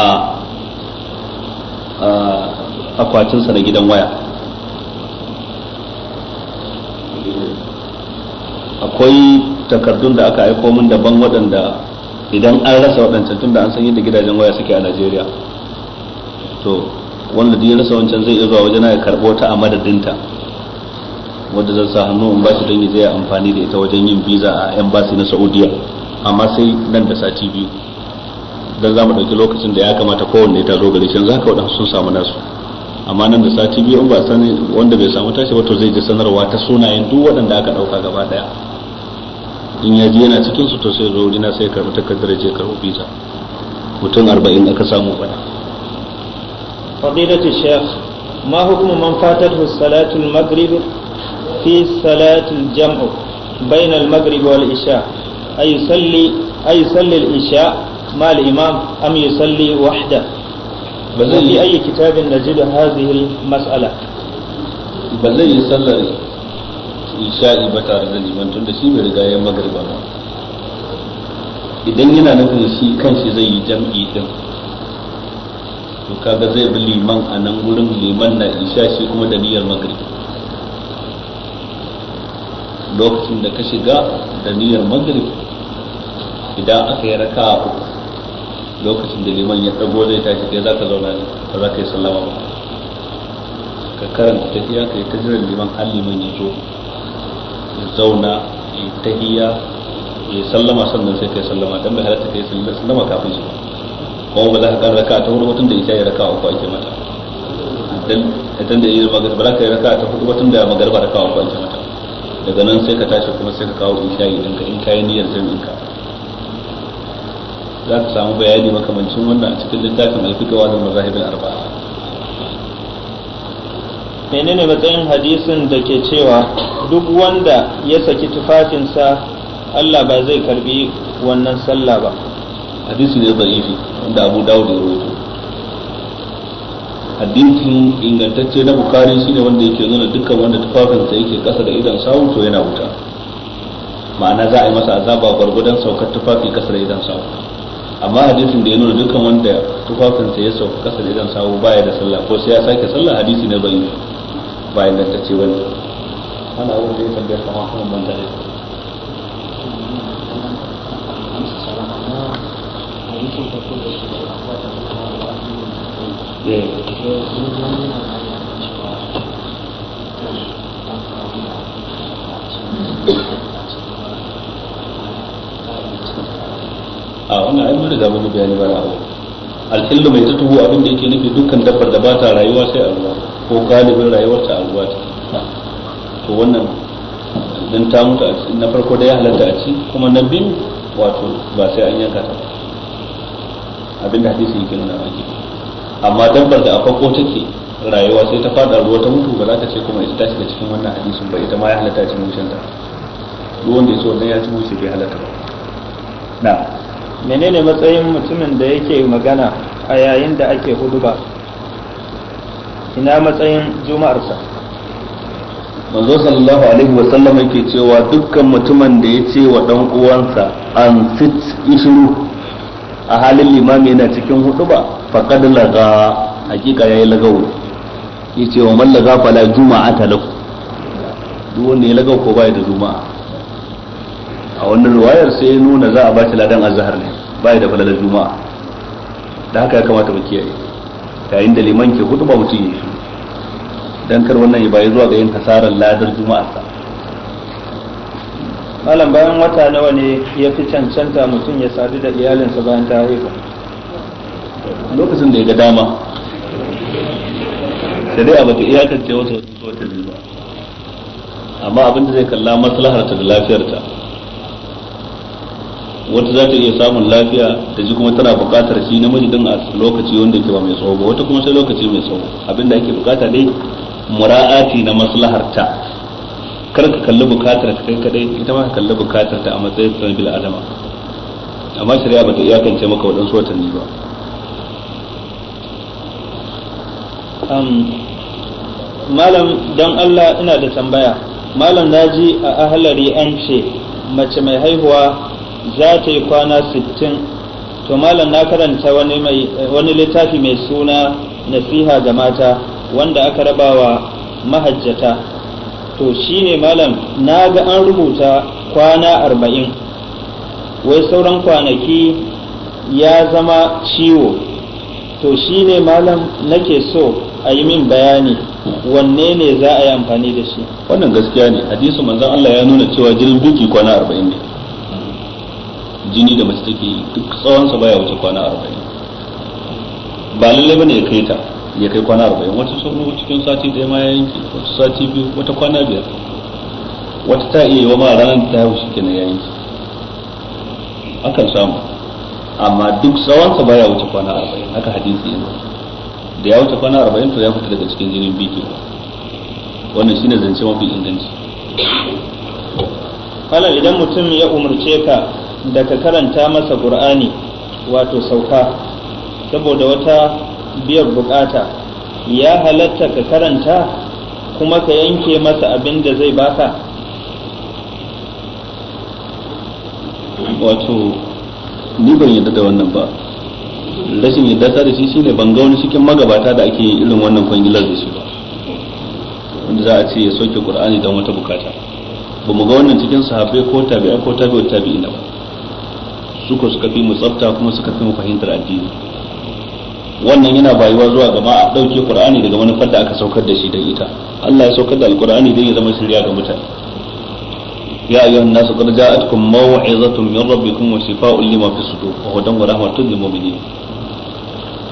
akwatinsa na gidan waya akwai takardun da aka aiko min daban waɗanda idan an rasa waɗancan tun da an san yadda gidajen waya suke a najeriya to wanda duk rasa wancan zai iya zuwa wajen ya karɓo ta a madadinta wanda zan sa hannu in bashi don ya zai amfani da ita wajen yin visa a embassy na saudiya amma sai nan da sati biyu dan za mu ɗauki lokacin da ya kamata kowanne ta zo gare shi za ka waɗansu sun samu nasu amma nan da sati biyu in ba sani wanda bai samu tashi ba to zai ji sanarwa ta sunayen duk waɗanda aka ɗauka gaba ɗaya in ya ji yana cikin su to sai zo wurina sai karɓi takardar je karɓi visa mutum arba'in aka samu da. fadilatu shaykh ma hukumu man fatatu salatul maghrib في صلاة الجمع بين المغرب والعشاء أيصلي أيصلي العشاء مع الإمام أم يصلي وحده وفي أي كتاب نجد هذه المسألة بزي يصلي ba tare da liman tunda shi riga idan yana nufin shi kanshi zai yi jam'i din to kaga zai bi liman a nan gurin liman na isha shi kuma da niyyar magariba lokacin da ka shiga da niyyar magrib idan aka yi raka uku lokacin da liman ya dago zai tashi kai zaka zauna ne ba za ka yi sallama ba ka karanta tahiya kai ta jiran liman har liman ya zo ya zauna ya tahiya ya sallama sannan sai ka yi sallama dan bai halatta kai sallama kafin shi ko ba za ka karanta raka ta hudu wutun da ita ya raka uku ake mata dan idan da yi magana ba za ka yi raka ta hudu batun da magarba raka uku ake mata daga nan sai ka tashi kuma sai ka kawo isha'i ɗinka in kayi niyyar jami'inka za ka samu bayani makamancin wannan a cikin littafin alfikawa da mazahibin arba'a menene matsayin hadisin da ke cewa duk wanda ya saki tufafinsa Allah ba zai karbi wannan sallah ba hadisi ne da'ifi wanda Abu da ya rubuta. hadisi ingantacce na bukari shine wanda yake nuna dukkan wanda tufafinsa yake kasa da idan sawu to yana wuta ma'ana za a yi masa azaba gwargwadon saukar tufafi kasa da idan sawu amma hadisin da ya nuna dukkan wanda tufafinsa ya sauka kasa da idan sawu baya da sallah ko sai ya sake sallah hadisi ne bai ba ingantacce wani. ana abin da ya tabbata kuma kuma banda da Thank you. a wannan ai mun riga mun bayani bara abu alhillu mai tutuhu abin da yake nufi dukkan dabbar da ba ta rayuwa sai a ruwa ko galibin rayuwarta a ruwa ta to wannan dan ta mutu na farko da ya halatta a ci kuma na biyu wato ba sai an yanka ta abin da hadisi yake nuna a amma dabbar da a farko take rayuwa sai ta fada ruwa ta mutu ba za ta ce kuma ita ta shiga cikin wannan hadisin ba ita ma ya halatta cin mushen ta duk wanda ya so dan ya ci mushe bai halatta ba na menene matsayin mutumin da yake magana a yayin da ake huduba ina matsayin juma'ar sa manzo sallallahu alaihi wa sallam yake cewa dukkan mutumin da ya ce wa dan uwansa an sit ishru a halin limami yana cikin huduba faqad laga hakika yi lagawo ce wa man laga fala ta lahu duk wanda ya laga ko bai da juma'a a wannan ruwayar sai ya nuna za a ba shi ladan azhar ne bai da falalar juma'a da haka ya kamata mu kiyaye yayin da liman ke ba mutum ya shi dan kar wannan ya bayi zuwa ga yin kasarar ladar juma'a malam bayan wata nawa ne ya fi cancanta mutum ya sadu da iyalinsa bayan ta haifa lokacin da ya ga dama dai abu ta iyakance wata wata ba amma abin da zai kalla maslaharta da lafiyarta wata za ta iya samun lafiya da ji kuma tana buƙatar shi na majidin a lokaci wanda ke ba mai tsawo ba wata kuma sai lokaci mai tsawo abin da ake buƙata dai mura'ati na maslaharta kar ka kalli bukatar ka kai kadai ita ma ka kalli bukatar ta a matsayin ta bil adama amma shari'a bata ce maka waɗansu watanni ba malam don Allah ina da tambaya malam naji a ahalari an ce mace mai haihuwa za ta yi kwana 60 to malam na karanta wani wani littafi mai suna nasiha ga mata wanda aka rabawa mahajjata to shine malam na ga an rubuta kwana arba'in wai sauran kwanaki ya zama ciwo to shine malam nake so a yi min bayani wanne ne za a yi amfani da shi wannan gaskiya ne hadisu manzon Allah ya nuna cewa jinin duki kwana arba'in ne jini da mace take duk tsawonsa baya wuce kwana arba'in ba lallai bane ya kai ta ya kai kwana arba'in wata sauro cikin sati ɗaya ma ya yanki wata sati biyu wata kwana biyar wata ta iya yi wa ma ranar ta haihu shi kenan ya yanki akan samu amma duk tsawonsa baya wuce kwana arba'in haka hadisi yana da ya wuce kwana arba'in to ya fita daga cikin jinin biki wannan shine zance mafi inganci kala idan mutum ya umarce ka da ka karanta masa qur'ani wato sauka saboda wata Biyar bukata ya halatta ka karanta kuma ka yanke masa abin da zai baka wato ni ban yadda da wannan ba rashin yadda da shi shine ban ga wani cikin magabata da ake irin wannan kwangilar da shi ba wanda za a ce ya soke qur'ani don wata bukata ba mu ga wannan cikin sahabbai ko tabi'a ko tabi'ut tabi'ina ba su ko suka fi mu tsafta kuma suka fi mu fahimtar addini wannan yana bayuwa zuwa gama a ɗauke qur'ani daga manufar da aka saukar da shi da ita Allah ya saukar da alqur'ani dan ya zama shirya ga mutane ya ayyuhan nasu qad ja'atkum maw'izatun min rabbikum wa shifaa'un lima fi sudur wa hudan wa rahmatun lil mu'minin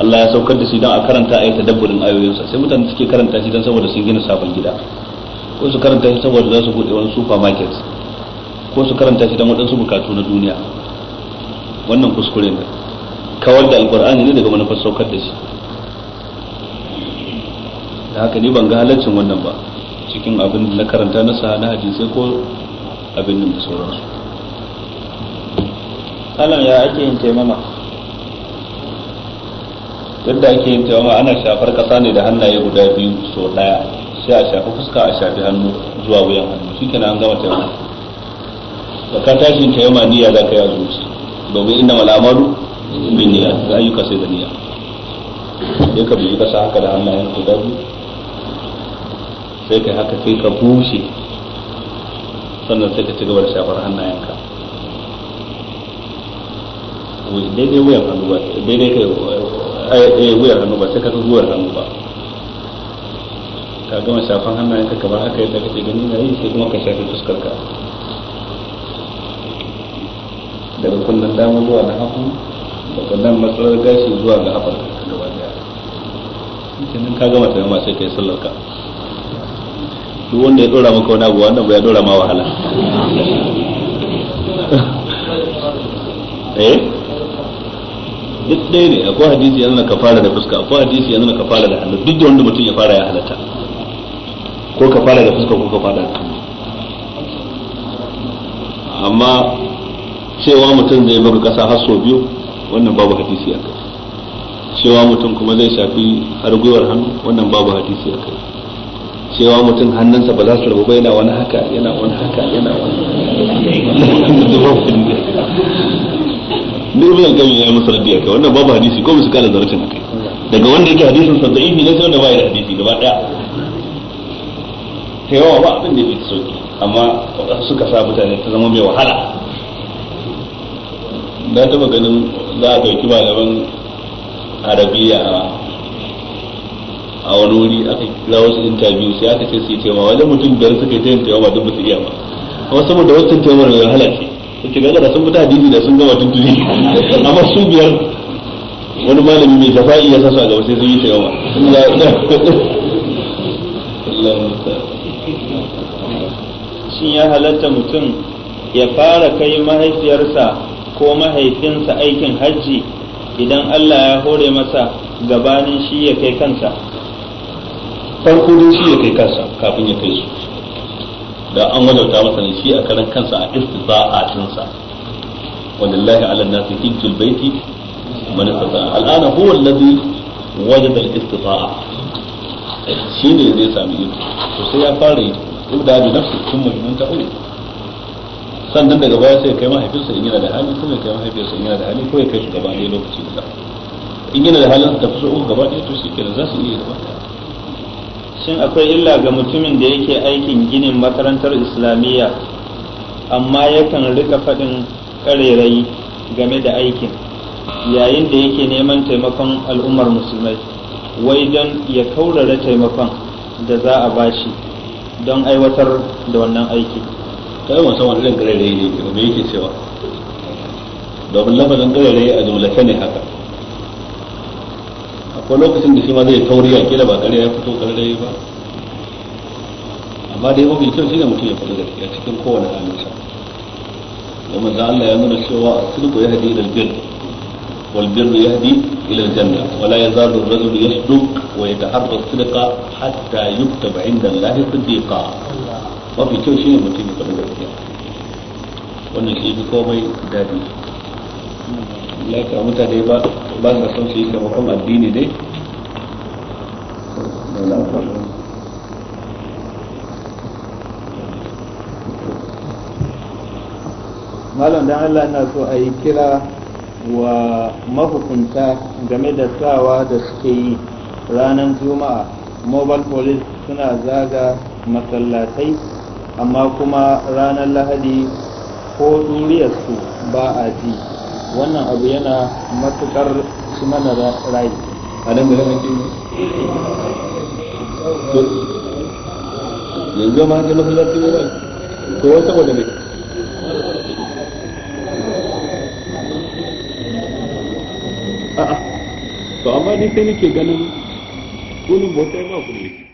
Allah ya saukar da shi dan a karanta ayata dabburin ayoyinsa sai mutane suke karanta shi dan saboda sun gina sabon gida ko su karanta shi saboda za su bude wani supermarket ko su karanta shi dan waɗansu bukatu na duniya wannan kuskure ne kawar da alkur'ani ne daga manufar saukar da shi da haka ni ban ga halaccin wannan ba cikin abin da na karanta na sa na hadisai ko abin da sauransu alam ya ake yin taimama yadda ake yin taimama ana shafar kasa ne da hannaye guda biyu so daya sai a shafi fuska a shafi hannu zuwa wuyan hannu shikenan an gama taimama da ka tashin taimama niyya za ka yi a zuci domin inda malamaru biniya ga ayyuka sai da niyya sai ka buji kasa haka da hannayen guda biyu sai ka haka sai ka bushe sannan sai ka ci gaba da shafar hannayenka daidai wuyan hannu ba daidai kai eh, eh, wuyan hannu ba sai ka wuyan hannu ba ka gama shafan hannayenka kamar haka yadda kake gani na yi sai kuma ka shafi fuskar ka daga kunnen damar zuwa na hannu daga nan matsawar gashi zuwa ga haɓar gaba daya kenan ka gama tayin ma sai kai sallar ka duk wanda ya dora maka wani abu wannan ya dora ma wahala eh duk ɗaya ne akwai hadisi yanzu ka fara da fuska akwai hadisi yanzu ka fara da hannu duk da wanda mutum ya fara ya halatta ko ka fara da fuska ko ka fara da hannu amma cewa mutum zai buga kasa har sau biyu wannan babu hadisi a kai cewa mutum kuma zai shafi har gwiwar hannu wannan babu hadisi a kai cewa mutum hannunsa ba za su rabu ba yana wani haka yana wani haka yana wani duk zan gami ya musu raddi a kai wannan babu hadisi ko musu kala zarcin a kai daga wanda yake hadisin sa da'ifi ne sai wanda ba ya da hadisi gaba daya ta yawa ba abin da ya fi sauki amma suka sa mutane ta zama mai wahala na taba ganin za a ɗauki malaman arabiya a wani wuri aka kira wasu interview sai aka ce su yi taimawa wajen mutum biyar suka yi ta yin taimawa don ba su iya ba amma saboda wancan taimawar da wahala ce suke gaga da sun fita hadisi da sun gama tuntuni amma su biyar wani malami mai jafa'i ya sasa gaba sai sun yi taimawa shin ya halatta mutum ya fara kai mahaifiyarsa ko mahaifinsa aikin hajji idan Allah ya hore masa gabanin shi ya kai kansa farko dai shi ya kai kansa kafin ya kai su da an wajauta masa ne shi a karan kansa a istiza'atinsa walillahi ala nasi hijjul baiti man istata'a al'ana huwa alladhi wajada al-istita'a ne zai sami iko to sai ya fara yi duk da nafsi kun mutunta uku sannan daga baya sai kai mahaifinsa in yana da hali kuma kai mahaifinsa in yana da hali ko ya kai su gaba ɗaya lokaci guda in yana da halin da tafi su uku gaba ɗaya to shi kenan za su iya gaba shin akwai illa ga mutumin da yake aikin ginin makarantar islamiyya amma yakan rika faɗin ƙarerayi game da aikin yayin da yake neman taimakon al'ummar musulmai wai don ya kaurara taimakon da za a bashi don aiwatar da wannan aiki ta yawan san wani ƙararrayi ne ke me yake cewa domin lamarin ƙararrayi a jumlace ne haka akwai lokacin da shi ma zai tauriya kila ba ƙarya ya fito ƙararrayi ba amma dai mafi kyau shi ne mutum ya faɗi gaskiya cikin kowane halinsa domin za Allah ya nuna cewa sulku ya hadi ilal bir wal bir ya hadi ilal janna wala yazalu ar-rajulu yasduq wa yataharra as-sidqa hatta yuktaba 'inda Allah siddiqa mafi kyau shi ne mutum ya faɗi gaskiya wannan shi komai daɗi laka mutane ba ba son su yi taimakon addini dai. malam dan Allah na so a yi kira wa mahukunta game da sawa da suke yi ranar juma'a mobile police suna zaga masallatai amma kuma ranar lahadi ko su ba a ji wannan abu yana matukar su mana rai a nan da jini yanzu ma ga mafi rai to wata wadda mai a'a to amma ni sai nake ganin kunin bautai ba kulun